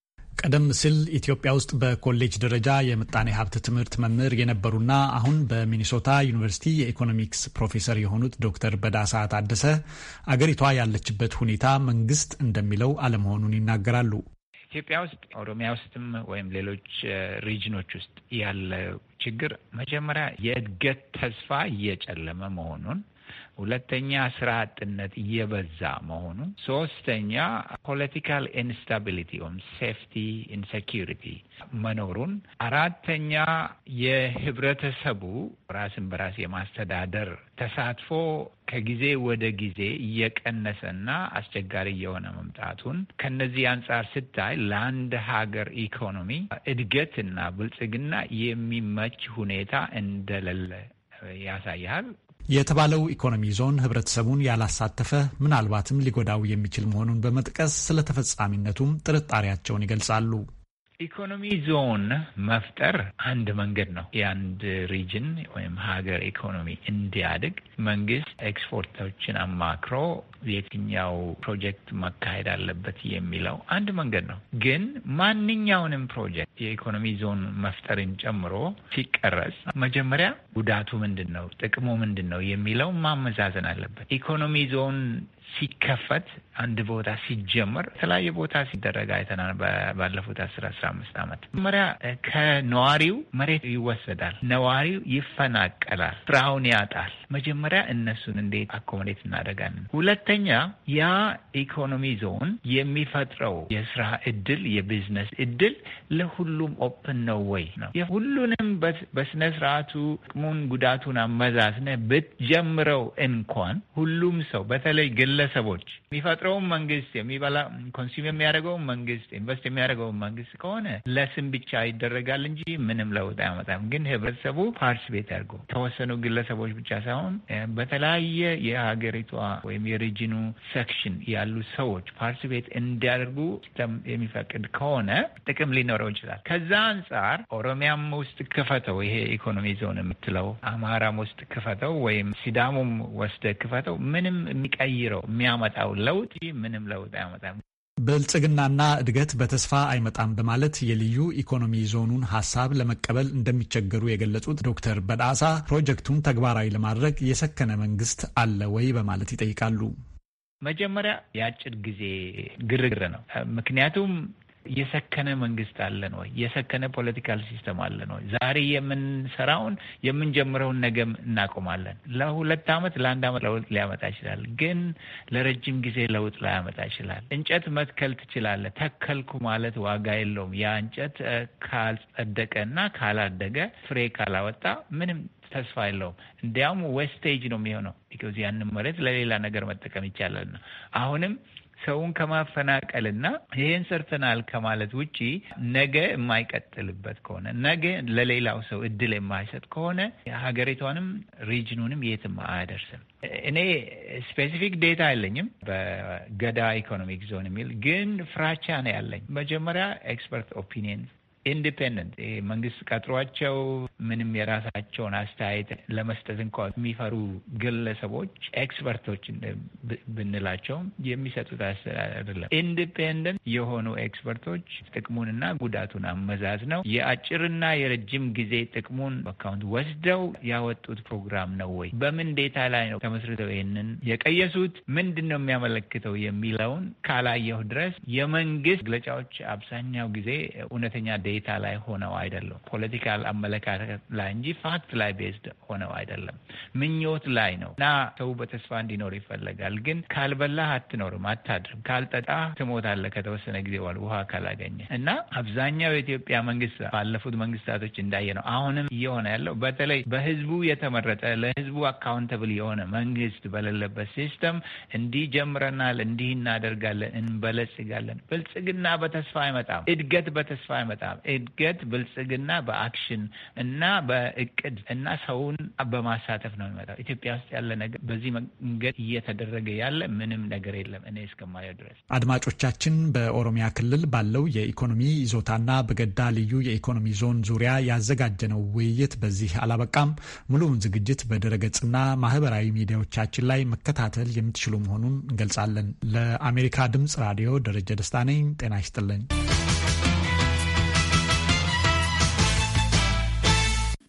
ቀደም ሲል ኢትዮጵያ ውስጥ በኮሌጅ ደረጃ የምጣኔ ሀብት ትምህርት መምህር የነበሩና አሁን በሚኒሶታ ዩኒቨርሲቲ የኢኮኖሚክስ ፕሮፌሰር የሆኑት ዶክተር በዳሳ ታደሰ አገሪቷ ያለችበት ሁኔታ መንግስት እንደሚለው አለመሆኑን ይናገራሉ። ኢትዮጵያ ውስጥ ኦሮሚያ ውስጥም ወይም ሌሎች ሪጅኖች ውስጥ ያለው ችግር መጀመሪያ የእድገት ተስፋ እየጨለመ መሆኑን ሁለተኛ ስራ አጥነት እየበዛ መሆኑ፣ ሶስተኛ ፖለቲካል ኢንስታቢሊቲ ወይም ሴፍቲ ኢንሴኪሪቲ መኖሩን፣ አራተኛ የህብረተሰቡ ራስን በራስ የማስተዳደር ተሳትፎ ከጊዜ ወደ ጊዜ እየቀነሰና አስቸጋሪ እየሆነ መምጣቱን ከነዚህ አንጻር ስታይ ለአንድ ሀገር ኢኮኖሚ እድገትና ብልጽግና የሚመች ሁኔታ እንደሌለ ያሳያል። የተባለው ኢኮኖሚ ዞን ህብረተሰቡን ያላሳተፈ ምናልባትም ሊጎዳው የሚችል መሆኑን በመጥቀስ ስለ ተፈጻሚነቱም ጥርጣሬያቸውን ይገልጻሉ። ኢኮኖሚ ዞን መፍጠር አንድ መንገድ ነው። የአንድ ሪጅን ወይም ሀገር ኢኮኖሚ እንዲያድግ መንግስት ኤክስፖርቶችን አማክሮ የትኛው ፕሮጀክት መካሄድ አለበት የሚለው አንድ መንገድ ነው። ግን ማንኛውንም ፕሮጀክት የኢኮኖሚ ዞን መፍጠርን ጨምሮ ሲቀረጽ መጀመሪያ ጉዳቱ ምንድን ነው፣ ጥቅሙ ምንድን ነው የሚለው ማመዛዘን አለበት። ኢኮኖሚ ዞን ሲከፈት አንድ ቦታ ሲጀመር የተለያየ ቦታ ሲደረግ አይተናል። ባለፉት አስር አስራ አምስት ዓመት መጀመሪያ ከነዋሪው መሬት ይወሰዳል፣ ነዋሪው ይፈናቀላል፣ ስራውን ያጣል። መጀመሪያ እነሱን እንዴት አኮሞዴት እናደርጋለን። ሁለተኛ ያ ኢኮኖሚ ዞን የሚፈጥረው የስራ እድል የቢዝነስ እድል ለሁሉም ኦፕን ነው ወይ ነው። የሁሉንም በስነ ስርዓቱ ጥቅሙን ጉዳቱን አመዛዝነ ብትጀምረው እንኳን ሁሉም ሰው በተለይ ግለሰቦች የሚፈጥረውም መንግስት የሚበላ ኮንሱም የሚያደርገውም መንግስት ኢንቨስት የሚያደርገው መንግስት ከሆነ ለስም ብቻ ይደረጋል እንጂ ምንም ለውጥ አያመጣም። ግን ህብረተሰቡ ፓርቲስፔት አድርጎ ተወሰኑ ግለሰቦች ብቻ ሳይሆን በተለያየ የሀገሪቷ ወይም የሪጅኑ ሴክሽን ያሉ ሰዎች ፓርቲስፔት እንዲያደርጉ የሚፈቅድ ከሆነ ጥቅም ሊኖረው ይችላል። ከዛ አንጻር ኦሮሚያም ውስጥ ክፈተው ይሄ ኢኮኖሚ ዞን የምትለው አማራም ውስጥ ክፈተው ወይም ሲዳሙም ወስደ ክፈተው ምንም የሚቀይረው የሚያመጣው ለውጥ ምንም ለውጥ አያመጣም። ብልጽግናና እድገት በተስፋ አይመጣም በማለት የልዩ ኢኮኖሚ ዞኑን ሀሳብ ለመቀበል እንደሚቸገሩ የገለጹት ዶክተር በዳሳ ፕሮጀክቱን ተግባራዊ ለማድረግ የሰከነ መንግስት አለ ወይ በማለት ይጠይቃሉ። መጀመሪያ የአጭር ጊዜ ግርግር ነው። ምክንያቱም የሰከነ መንግስት አለን ወይ? የሰከነ ፖለቲካል ሲስተም አለን ወይ? ዛሬ የምንሰራውን የምንጀምረውን ነገም እናቆማለን። ለሁለት አመት ለአንድ አመት ለውጥ ሊያመጣ ይችላል፣ ግን ለረጅም ጊዜ ለውጥ ላያመጣ ይችላል። እንጨት መትከል ትችላለህ። ተከልኩ ማለት ዋጋ የለውም። ያ እንጨት ካልጸደቀ እና ካላደገ ፍሬ ካላወጣ ምንም ተስፋ የለውም። እንዲያውም ዌስቴጅ ነው የሚሆነው። ቢኮዝ ያንን መሬት ለሌላ ነገር መጠቀም ይቻላል ነው አሁንም ሰውን ከማፈናቀልና ይሄን ሰርተናል ከማለት ውጪ ነገ የማይቀጥልበት ከሆነ ነገ ለሌላው ሰው እድል የማይሰጥ ከሆነ ሀገሪቷንም ሪጅኑንም የትም አያደርስም። እኔ ስፔሲፊክ ዴታ አለኝም በገዳ ኢኮኖሚክ ዞን የሚል ግን ፍራቻ ነው ያለኝ። መጀመሪያ ኤክስፐርት ኦፒኒየን ኢንዲፔንደንት eh, መንግስት ቀጥሯቸው ምንም የራሳቸውን አስተያየት ለመስጠት እንኳ የሚፈሩ ግለሰቦች ኤክስፐርቶች ብንላቸውም የሚሰጡት አይደለም። ኢንዲፔንደንት የሆኑ ኤክስፐርቶች ጥቅሙንና ጉዳቱን አመዛዝ ነው የአጭርና የረጅም ጊዜ ጥቅሙን አካውንት ወስደው ያወጡት ፕሮግራም ነው ወይ? በምን ዴታ ላይ ነው ተመስርተው ይህንን የቀየሱት? ምንድን ነው የሚያመለክተው የሚለውን ካላየሁ ድረስ የመንግስት መግለጫዎች አብዛኛው ጊዜ እውነተኛ ዴታ ላይ ሆነው አይደለም፣ ፖለቲካል አመለካከት ላይ እንጂ ፋክት ላይ ቤዝድ ሆነው አይደለም፣ ምኞት ላይ ነው እና ሰው በተስፋ እንዲኖር ይፈለጋል። ግን ካልበላህ አትኖርም፣ አታድርም፣ ካልጠጣህ ትሞታለህ ከተወሰነ ጊዜ በኋላ ውሃ ካላገኘ እና አብዛኛው የኢትዮጵያ መንግስት ባለፉት መንግስታቶች እንዳየ ነው አሁንም እየሆነ ያለው በተለይ በህዝቡ የተመረጠ ለህዝቡ አካውንተብል የሆነ መንግስት በሌለበት ሲስተም እንዲህ ጀምረናል፣ እንዲህ እናደርጋለን፣ እንበለጽጋለን። ብልጽግና በተስፋ አይመጣም። እድገት በተስፋ አይመጣም። እድገት ብልጽግና በአክሽን እና በእቅድ እና ሰውን በማሳተፍ ነው የሚመጣው። ኢትዮጵያ ውስጥ ያለ ነገር በዚህ መንገድ እየተደረገ ያለ ምንም ነገር የለም እኔ እስከማየው ድረስ። አድማጮቻችን በኦሮሚያ ክልል ባለው የኢኮኖሚ ይዞታና በገዳ ልዩ የኢኮኖሚ ዞን ዙሪያ ያዘጋጀነው ውይይት በዚህ አላበቃም። ሙሉውን ዝግጅት በድረገጽና ማህበራዊ ሚዲያዎቻችን ላይ መከታተል የምትችሉ መሆኑን እንገልጻለን። ለአሜሪካ ድምጽ ራዲዮ ደረጀ ደስታ ነኝ። ጤና ይስጥልኝ።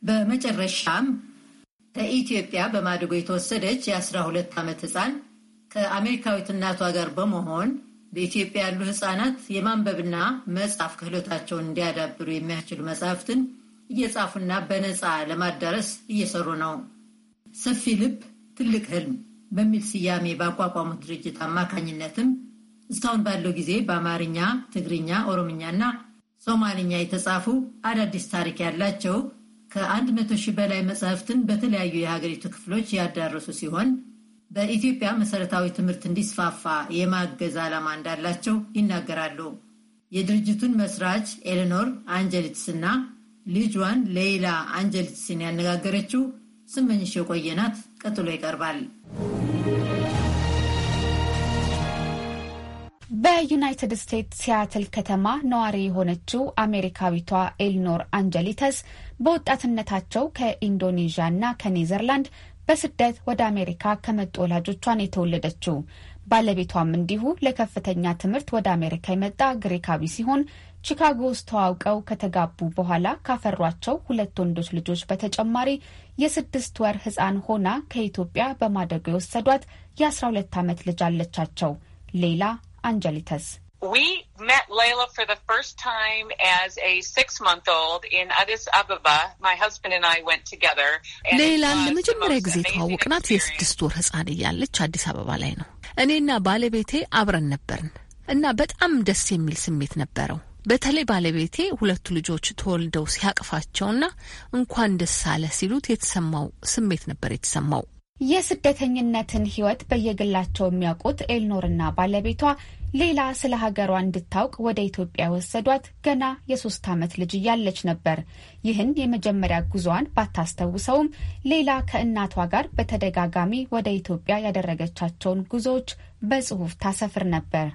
በመጨረሻም ከኢትዮጵያ በማደጎ የተወሰደች የ12 ዓመት ሕፃን ከአሜሪካዊት እናቷ ጋር በመሆን በኢትዮጵያ ያሉ ሕፃናት የማንበብና መጻፍ ክህሎታቸውን እንዲያዳብሩ የሚያስችሉ መጽሐፍትን እየጻፉና በነፃ ለማዳረስ እየሰሩ ነው። ሰፊ ልብ ትልቅ ህልም በሚል ስያሜ ባቋቋሙት ድርጅት አማካኝነትም እስካሁን ባለው ጊዜ በአማርኛ፣ ትግርኛ፣ ኦሮምኛ ና ሶማልኛ የተጻፉ አዳዲስ ታሪክ ያላቸው ከአንድ መቶ ሺህ በላይ መጽሐፍትን በተለያዩ የሀገሪቱ ክፍሎች ያዳረሱ ሲሆን በኢትዮጵያ መሰረታዊ ትምህርት እንዲስፋፋ የማገዝ ዓላማ እንዳላቸው ይናገራሉ። የድርጅቱን መስራች ኤሌኖር አንጀሊትስና ልጇን ሌይላ አንጀሊትስን ያነጋገረችው ስመኝሽ የቆየናት ቀጥሎ ይቀርባል። በዩናይትድ ስቴትስ ሲያትል ከተማ ነዋሪ የሆነችው አሜሪካዊቷ ኤሊኖር አንጀሊተስ በወጣትነታቸው ከኢንዶኔዥያ እና ከኔዘርላንድ በስደት ወደ አሜሪካ ከመጡ ወላጆቿን የተወለደችው። ባለቤቷም እንዲሁ ለከፍተኛ ትምህርት ወደ አሜሪካ የመጣ ግሪካዊ ሲሆን ቺካጎ ውስጥ ተዋውቀው ከተጋቡ በኋላ ካፈሯቸው ሁለት ወንዶች ልጆች በተጨማሪ የስድስት ወር ሕፃን ሆና ከኢትዮጵያ በማደጉ የወሰዷት የ12 ዓመት ልጅ አለቻቸው። ሌላ አንጀሊተስ We met Layla for the first time as a six month old in Addis Ababa. My husband and I went together. ሌይላን ለመጀመሪያ ጊዜ የተዋወቅናት የስድስት ወር ህጻን እያለች አዲስ አበባ ላይ ነው። እኔና ባለቤቴ አብረን ነበርን እና በጣም ደስ የሚል ስሜት ነበረው። በተለይ ባለቤቴ ሁለቱ ልጆች ተወልደው ሲያቅፋቸውና እንኳን ደስ አለ ሲሉት የተሰማው ስሜት ነበር የተሰማው። የስደተኝነትን ህይወት በየግላቸው የሚያውቁት ኤልኖርና ባለቤቷ ሌላ ስለ ሀገሯ እንድታውቅ ወደ ኢትዮጵያ የወሰዷት ገና የሶስት ዓመት ልጅ እያለች ነበር። ይህን የመጀመሪያ ጉዞዋን ባታስተውሰውም ሌላ ከእናቷ ጋር በተደጋጋሚ ወደ ኢትዮጵያ ያደረገቻቸውን ጉዞዎች በጽሁፍ ታሰፍር ነበር።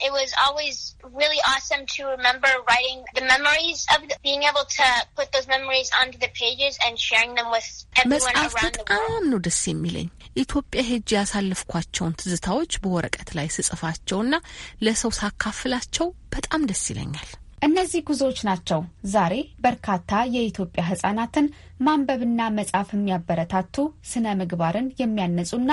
It was always really awesome to remember writing the memories of the, being able to put those memories onto the pages and sharing them with everyone around the world. ነው ደስ የሚለኝ ኢትዮጵያ ሄጄ ያሳለፍኳቸውን ትዝታዎች በወረቀት ላይ ስጽፋቸውና ለሰው ሳካፍላቸው በጣም ደስ ይለኛል። እነዚህ ጉዞዎች ናቸው ዛሬ በርካታ የኢትዮጵያ ህጻናትን ማንበብና መጻፍ የሚያበረታቱ ስነ ምግባርን የሚያነጹና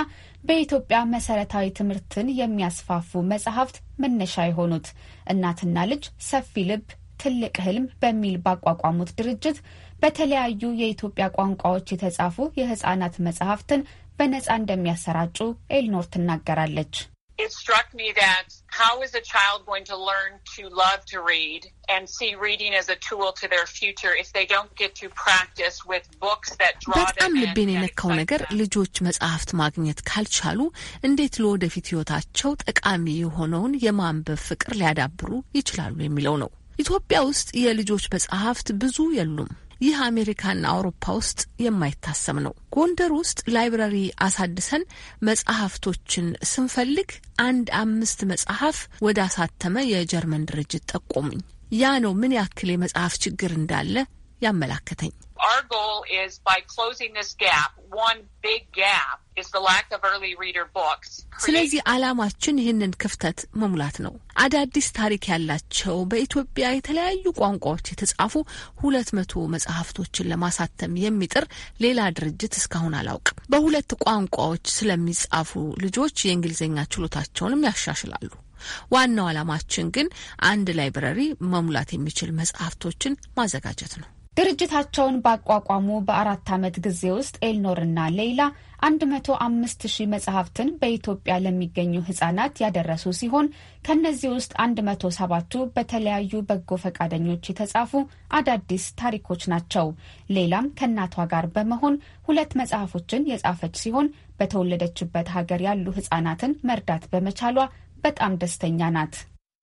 በኢትዮጵያ መሰረታዊ ትምህርትን የሚያስፋፉ መጽሐፍት መነሻ የሆኑት እናትና ልጅ ሰፊ ልብ ትልቅ ህልም በሚል ባቋቋሙት ድርጅት በተለያዩ የኢትዮጵያ ቋንቋዎች የተጻፉ የህጻናት መጽሐፍትን በነጻ እንደሚያሰራጩ ኤልኖር ትናገራለች። It struck me that how is a child going to learn to love to read and see reading as a tool to their future if they don't get to practice with books that draw በጣም ልቤን የነካው ነገር ልጆች መጽሐፍት ማግኘት ካልቻሉ እንዴት ለወደፊት ህይወታቸው ጠቃሚ የሆነውን የማንበብ ፍቅር ሊያዳብሩ ይችላሉ የሚለው ነው። ኢትዮጵያ ውስጥ የልጆች መጽሐፍት ብዙ የሉም። ይህ አሜሪካና አውሮፓ ውስጥ የማይታሰብ ነው። ጎንደር ውስጥ ላይብራሪ አሳድሰን መጽሐፍቶችን ስንፈልግ አንድ አምስት መጽሐፍ ወደ አሳተመ የጀርመን ድርጅት ጠቆሙኝ። ያ ነው ምን ያክል የመጽሐፍ ችግር እንዳለ ያመላከተኝ። ስለዚህ ዓላማችን ይህንን ክፍተት መሙላት ነው። አዳዲስ ታሪክ ያላቸው በኢትዮጵያ የተለያዩ ቋንቋዎች የተጻፉ ሁለት መቶ መጽሐፍቶችን ለማሳተም የሚጥር ሌላ ድርጅት እስካሁን አላውቅም። በሁለት ቋንቋዎች ስለሚጻፉ ልጆች የእንግሊዝኛ ችሎታቸውንም ያሻሽላሉ። ዋናው ዓላማችን ግን አንድ ላይብረሪ መሙላት የሚችል መጽሐፍቶችን ማዘጋጀት ነው። ድርጅታቸውን ባቋቋሙ በአራት ዓመት ጊዜ ውስጥ ኤልኖርና ሌይላ 105 ሺህ መጽሐፍትን በኢትዮጵያ ለሚገኙ ህጻናት ያደረሱ ሲሆን ከእነዚህ ውስጥ 107ቱ በተለያዩ በጎ ፈቃደኞች የተጻፉ አዳዲስ ታሪኮች ናቸው። ሌላም ከእናቷ ጋር በመሆን ሁለት መጽሐፎችን የጻፈች ሲሆን በተወለደችበት ሀገር ያሉ ህጻናትን መርዳት በመቻሏ በጣም ደስተኛ ናት።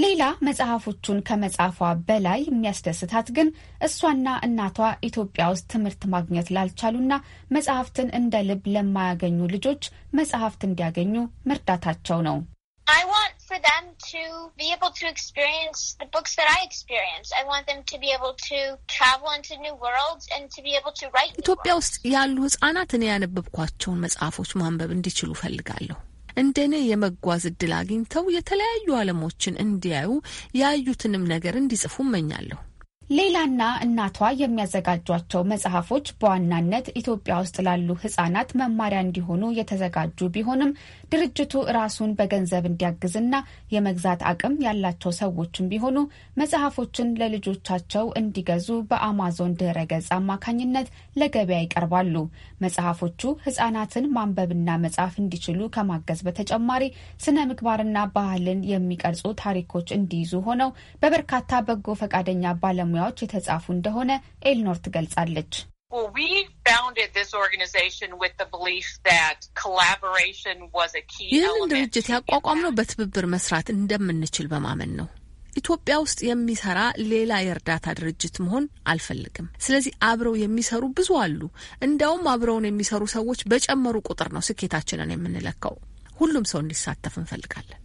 ሌላ መጽሐፎቹን ከመጻፏ በላይ የሚያስደስታት ግን እሷና እናቷ ኢትዮጵያ ውስጥ ትምህርት ማግኘት ላልቻሉና መጽሐፍትን እንደ ልብ ለማያገኙ ልጆች መጽሐፍት እንዲያገኙ መርዳታቸው ነው። ኢትዮጵያ ውስጥ ያሉ ህጻናት እኔ ያነበብኳቸውን መጽሐፎች ማንበብ እንዲችሉ ፈልጋለሁ እንደኔ የመጓዝ እድል አግኝተው የተለያዩ ዓለሞችን እንዲያዩ ያዩትንም ነገር እንዲጽፉ እመኛለሁ። ሌላና እናቷ የሚያዘጋጇቸው መጽሐፎች በዋናነት ኢትዮጵያ ውስጥ ላሉ ህጻናት መማሪያ እንዲሆኑ የተዘጋጁ ቢሆንም ድርጅቱ ራሱን በገንዘብ እንዲያግዝና የመግዛት አቅም ያላቸው ሰዎችም ቢሆኑ መጽሐፎችን ለልጆቻቸው እንዲገዙ በአማዞን ድረ ገጽ አማካኝነት ለገበያ ይቀርባሉ። መጽሐፎቹ ህጻናትን ማንበብና መጻፍ እንዲችሉ ከማገዝ በተጨማሪ ስነ ምግባርና ባህልን የሚቀርጹ ታሪኮች እንዲይዙ ሆነው በበርካታ በጎ ፈቃደኛ ባለሙያዎች የተጻፉ እንደሆነ ኤልኖር ትገልጻለች። Well, we founded this organization with the belief that collaboration was a key element. ይህንን ድርጅት ያቋቋምነው በትብብር መስራት እንደምንችል በማመን ነው። ኢትዮጵያ ውስጥ የሚሰራ ሌላ የእርዳታ ድርጅት መሆን አልፈልግም። ስለዚህ አብረው የሚሰሩ ብዙ አሉ። እንዲያውም አብረውን የሚሰሩ ሰዎች በጨመሩ ቁጥር ነው ስኬታችንን የምንለካው። ሁሉም ሰው እንዲሳተፍ እንፈልጋለን።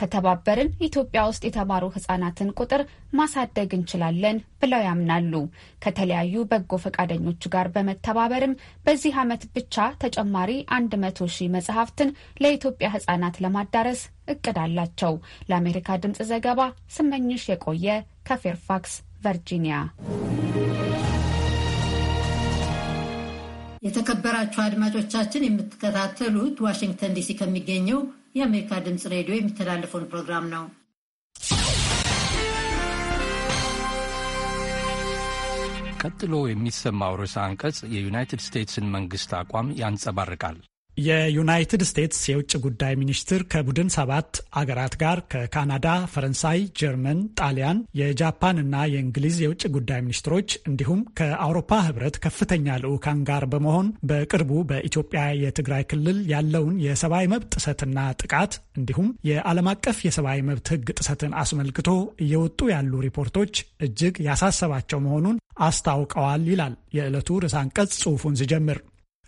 ከተባበርን ኢትዮጵያ ውስጥ የተማሩ ህጻናትን ቁጥር ማሳደግ እንችላለን ብለው ያምናሉ። ከተለያዩ በጎ ፈቃደኞች ጋር በመተባበርም በዚህ ዓመት ብቻ ተጨማሪ አንድ መቶ ሺህ መጽሐፍትን ለኢትዮጵያ ህጻናት ለማዳረስ እቅድ አላቸው። ለአሜሪካ ድምጽ ዘገባ ስመኝሽ የቆየ ከፌርፋክስ ቨርጂኒያ። የተከበራችሁ አድማጮቻችን የምትከታተሉት ዋሽንግተን ዲሲ ከሚገኘው የአሜሪካ ድምፅ ሬዲዮ የሚተላለፈውን ፕሮግራም ነው። ቀጥሎ የሚሰማው ርዕሰ አንቀጽ የዩናይትድ ስቴትስን መንግስት አቋም ያንጸባርቃል። የዩናይትድ ስቴትስ የውጭ ጉዳይ ሚኒስትር ከቡድን ሰባት አገራት ጋር ከካናዳ፣ ፈረንሳይ፣ ጀርመን፣ ጣሊያን፣ የጃፓን እና የእንግሊዝ የውጭ ጉዳይ ሚኒስትሮች እንዲሁም ከአውሮፓ ሕብረት ከፍተኛ ልዑካን ጋር በመሆን በቅርቡ በኢትዮጵያ የትግራይ ክልል ያለውን የሰብአዊ መብት ጥሰትና ጥቃት እንዲሁም የዓለም አቀፍ የሰብአዊ መብት ሕግ ጥሰትን አስመልክቶ እየወጡ ያሉ ሪፖርቶች እጅግ ያሳሰባቸው መሆኑን አስታውቀዋል ይላል የዕለቱ ርዕሰ አንቀጽ ጽሑፉን ሲጀምር።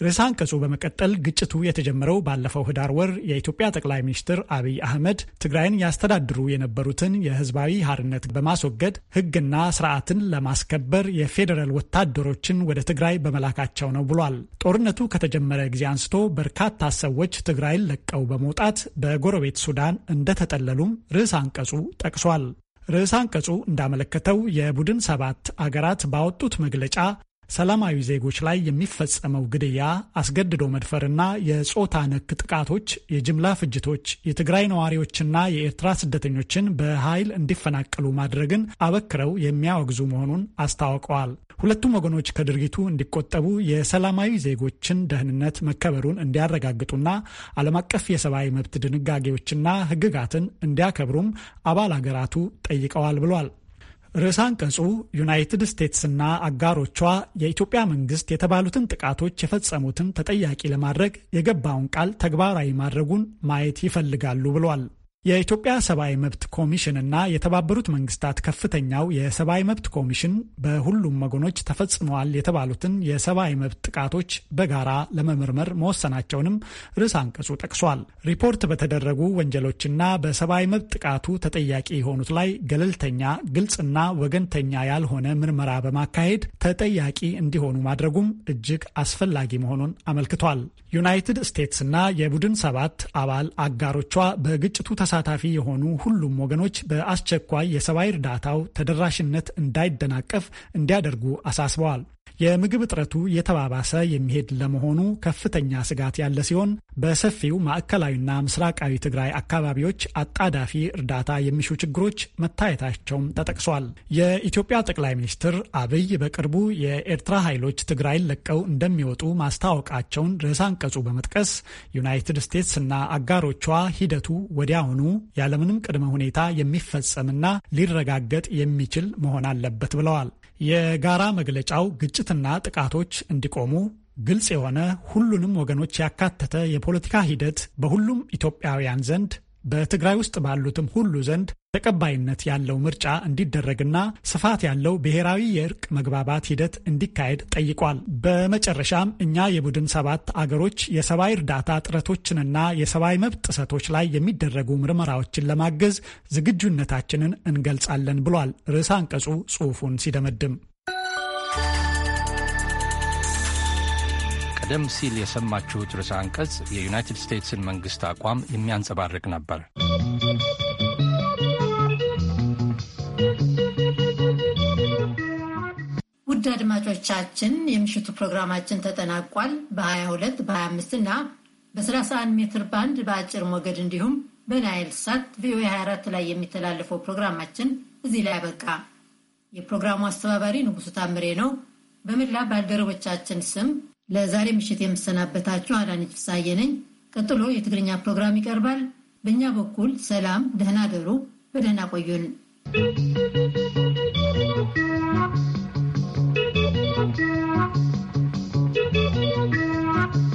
ርዕሰ አንቀጹ በመቀጠል ግጭቱ የተጀመረው ባለፈው ህዳር ወር የኢትዮጵያ ጠቅላይ ሚኒስትር አብይ አህመድ ትግራይን ያስተዳድሩ የነበሩትን የህዝባዊ ሀርነት በማስወገድ ህግና ስርዓትን ለማስከበር የፌዴራል ወታደሮችን ወደ ትግራይ በመላካቸው ነው ብሏል። ጦርነቱ ከተጀመረ ጊዜ አንስቶ በርካታ ሰዎች ትግራይን ለቀው በመውጣት በጎረቤት ሱዳን እንደተጠለሉም ርዕሰ አንቀጹ ጠቅሷል። ርዕሰ አንቀጹ እንዳመለከተው የቡድን ሰባት አገራት ባወጡት መግለጫ ሰላማዊ ዜጎች ላይ የሚፈጸመው ግድያ፣ አስገድዶ መድፈርና የጾታ ነክ ጥቃቶች፣ የጅምላ ፍጅቶች የትግራይ ነዋሪዎችና የኤርትራ ስደተኞችን በኃይል እንዲፈናቀሉ ማድረግን አበክረው የሚያወግዙ መሆኑን አስታውቀዋል። ሁለቱም ወገኖች ከድርጊቱ እንዲቆጠቡ የሰላማዊ ዜጎችን ደህንነት መከበሩን እንዲያረጋግጡና ዓለም አቀፍ የሰብአዊ መብት ድንጋጌዎችና ሕግጋትን እንዲያከብሩም አባል አገራቱ ጠይቀዋል ብሏል። ርዕሰ አንቀጹ ዩናይትድ ስቴትስና አጋሮቿ የኢትዮጵያ መንግስት የተባሉትን ጥቃቶች የፈጸሙትን ተጠያቂ ለማድረግ የገባውን ቃል ተግባራዊ ማድረጉን ማየት ይፈልጋሉ ብሏል። የኢትዮጵያ ሰብአዊ መብት ኮሚሽን እና የተባበሩት መንግስታት ከፍተኛው የሰብአዊ መብት ኮሚሽን በሁሉም ወገኖች ተፈጽመዋል የተባሉትን የሰብአዊ መብት ጥቃቶች በጋራ ለመመርመር መወሰናቸውንም ርዕስ አንቀጹ ጠቅሷል። ሪፖርት በተደረጉ ወንጀሎችና በሰብአዊ መብት ጥቃቱ ተጠያቂ የሆኑት ላይ ገለልተኛ፣ ግልጽና ወገንተኛ ያልሆነ ምርመራ በማካሄድ ተጠያቂ እንዲሆኑ ማድረጉም እጅግ አስፈላጊ መሆኑን አመልክቷል። ዩናይትድ ስቴትስና የቡድን ሰባት አባል አጋሮቿ በግጭቱ ተሳ ተሳታፊ የሆኑ ሁሉም ወገኖች በአስቸኳይ የሰብአዊ እርዳታው ተደራሽነት እንዳይደናቀፍ እንዲያደርጉ አሳስበዋል። የምግብ እጥረቱ የተባባሰ የሚሄድ ለመሆኑ ከፍተኛ ስጋት ያለ ሲሆን በሰፊው ማዕከላዊና ምስራቃዊ ትግራይ አካባቢዎች አጣዳፊ እርዳታ የሚሹ ችግሮች መታየታቸውም ተጠቅሷል። የኢትዮጵያ ጠቅላይ ሚኒስትር አብይ በቅርቡ የኤርትራ ኃይሎች ትግራይን ለቀው እንደሚወጡ ማስታወቃቸውን ርዕሰ አንቀጹ በመጥቀስ ዩናይትድ ስቴትስና አጋሮቿ ሂደቱ ወዲያውኑ ፕሮግራሙ ያለምንም ቅድመ ሁኔታ የሚፈጸምና ሊረጋገጥ የሚችል መሆን አለበት ብለዋል። የጋራ መግለጫው ግጭትና ጥቃቶች እንዲቆሙ ግልጽ የሆነ ሁሉንም ወገኖች ያካተተ የፖለቲካ ሂደት በሁሉም ኢትዮጵያውያን ዘንድ በትግራይ ውስጥ ባሉትም ሁሉ ዘንድ ተቀባይነት ያለው ምርጫ እንዲደረግና ስፋት ያለው ብሔራዊ የእርቅ መግባባት ሂደት እንዲካሄድ ጠይቋል። በመጨረሻም እኛ የቡድን ሰባት አገሮች የሰብአዊ እርዳታ ጥረቶችንና የሰብአዊ መብት ጥሰቶች ላይ የሚደረጉ ምርመራዎችን ለማገዝ ዝግጁነታችንን እንገልጻለን ብሏል ርዕሰ አንቀጹ ጽሑፉን ሲደመድም። ቀደም ሲል የሰማችሁት ርዕሰ አንቀጽ የዩናይትድ ስቴትስን መንግሥት አቋም የሚያንጸባርቅ ነበር። ውድ አድማጮቻችን የምሽቱ ፕሮግራማችን ተጠናቋል። በ22 በ25 እና በ31 ሜትር ባንድ በአጭር ሞገድ እንዲሁም በናይል ሳት ቪኦኤ 24 ላይ የሚተላለፈው ፕሮግራማችን እዚህ ላይ አበቃ። የፕሮግራሙ አስተባባሪ ንጉሱ ታምሬ ነው። በመላ ባልደረቦቻችን ስም ለዛሬ ምሽት የምሰናበታችሁ አዳነች ፍሳዬ ነኝ። ቀጥሎ የትግርኛ ፕሮግራም ይቀርባል። በእኛ በኩል ሰላም፣ ደህና ደሩ፣ በደህና ቆዩን። Thank you.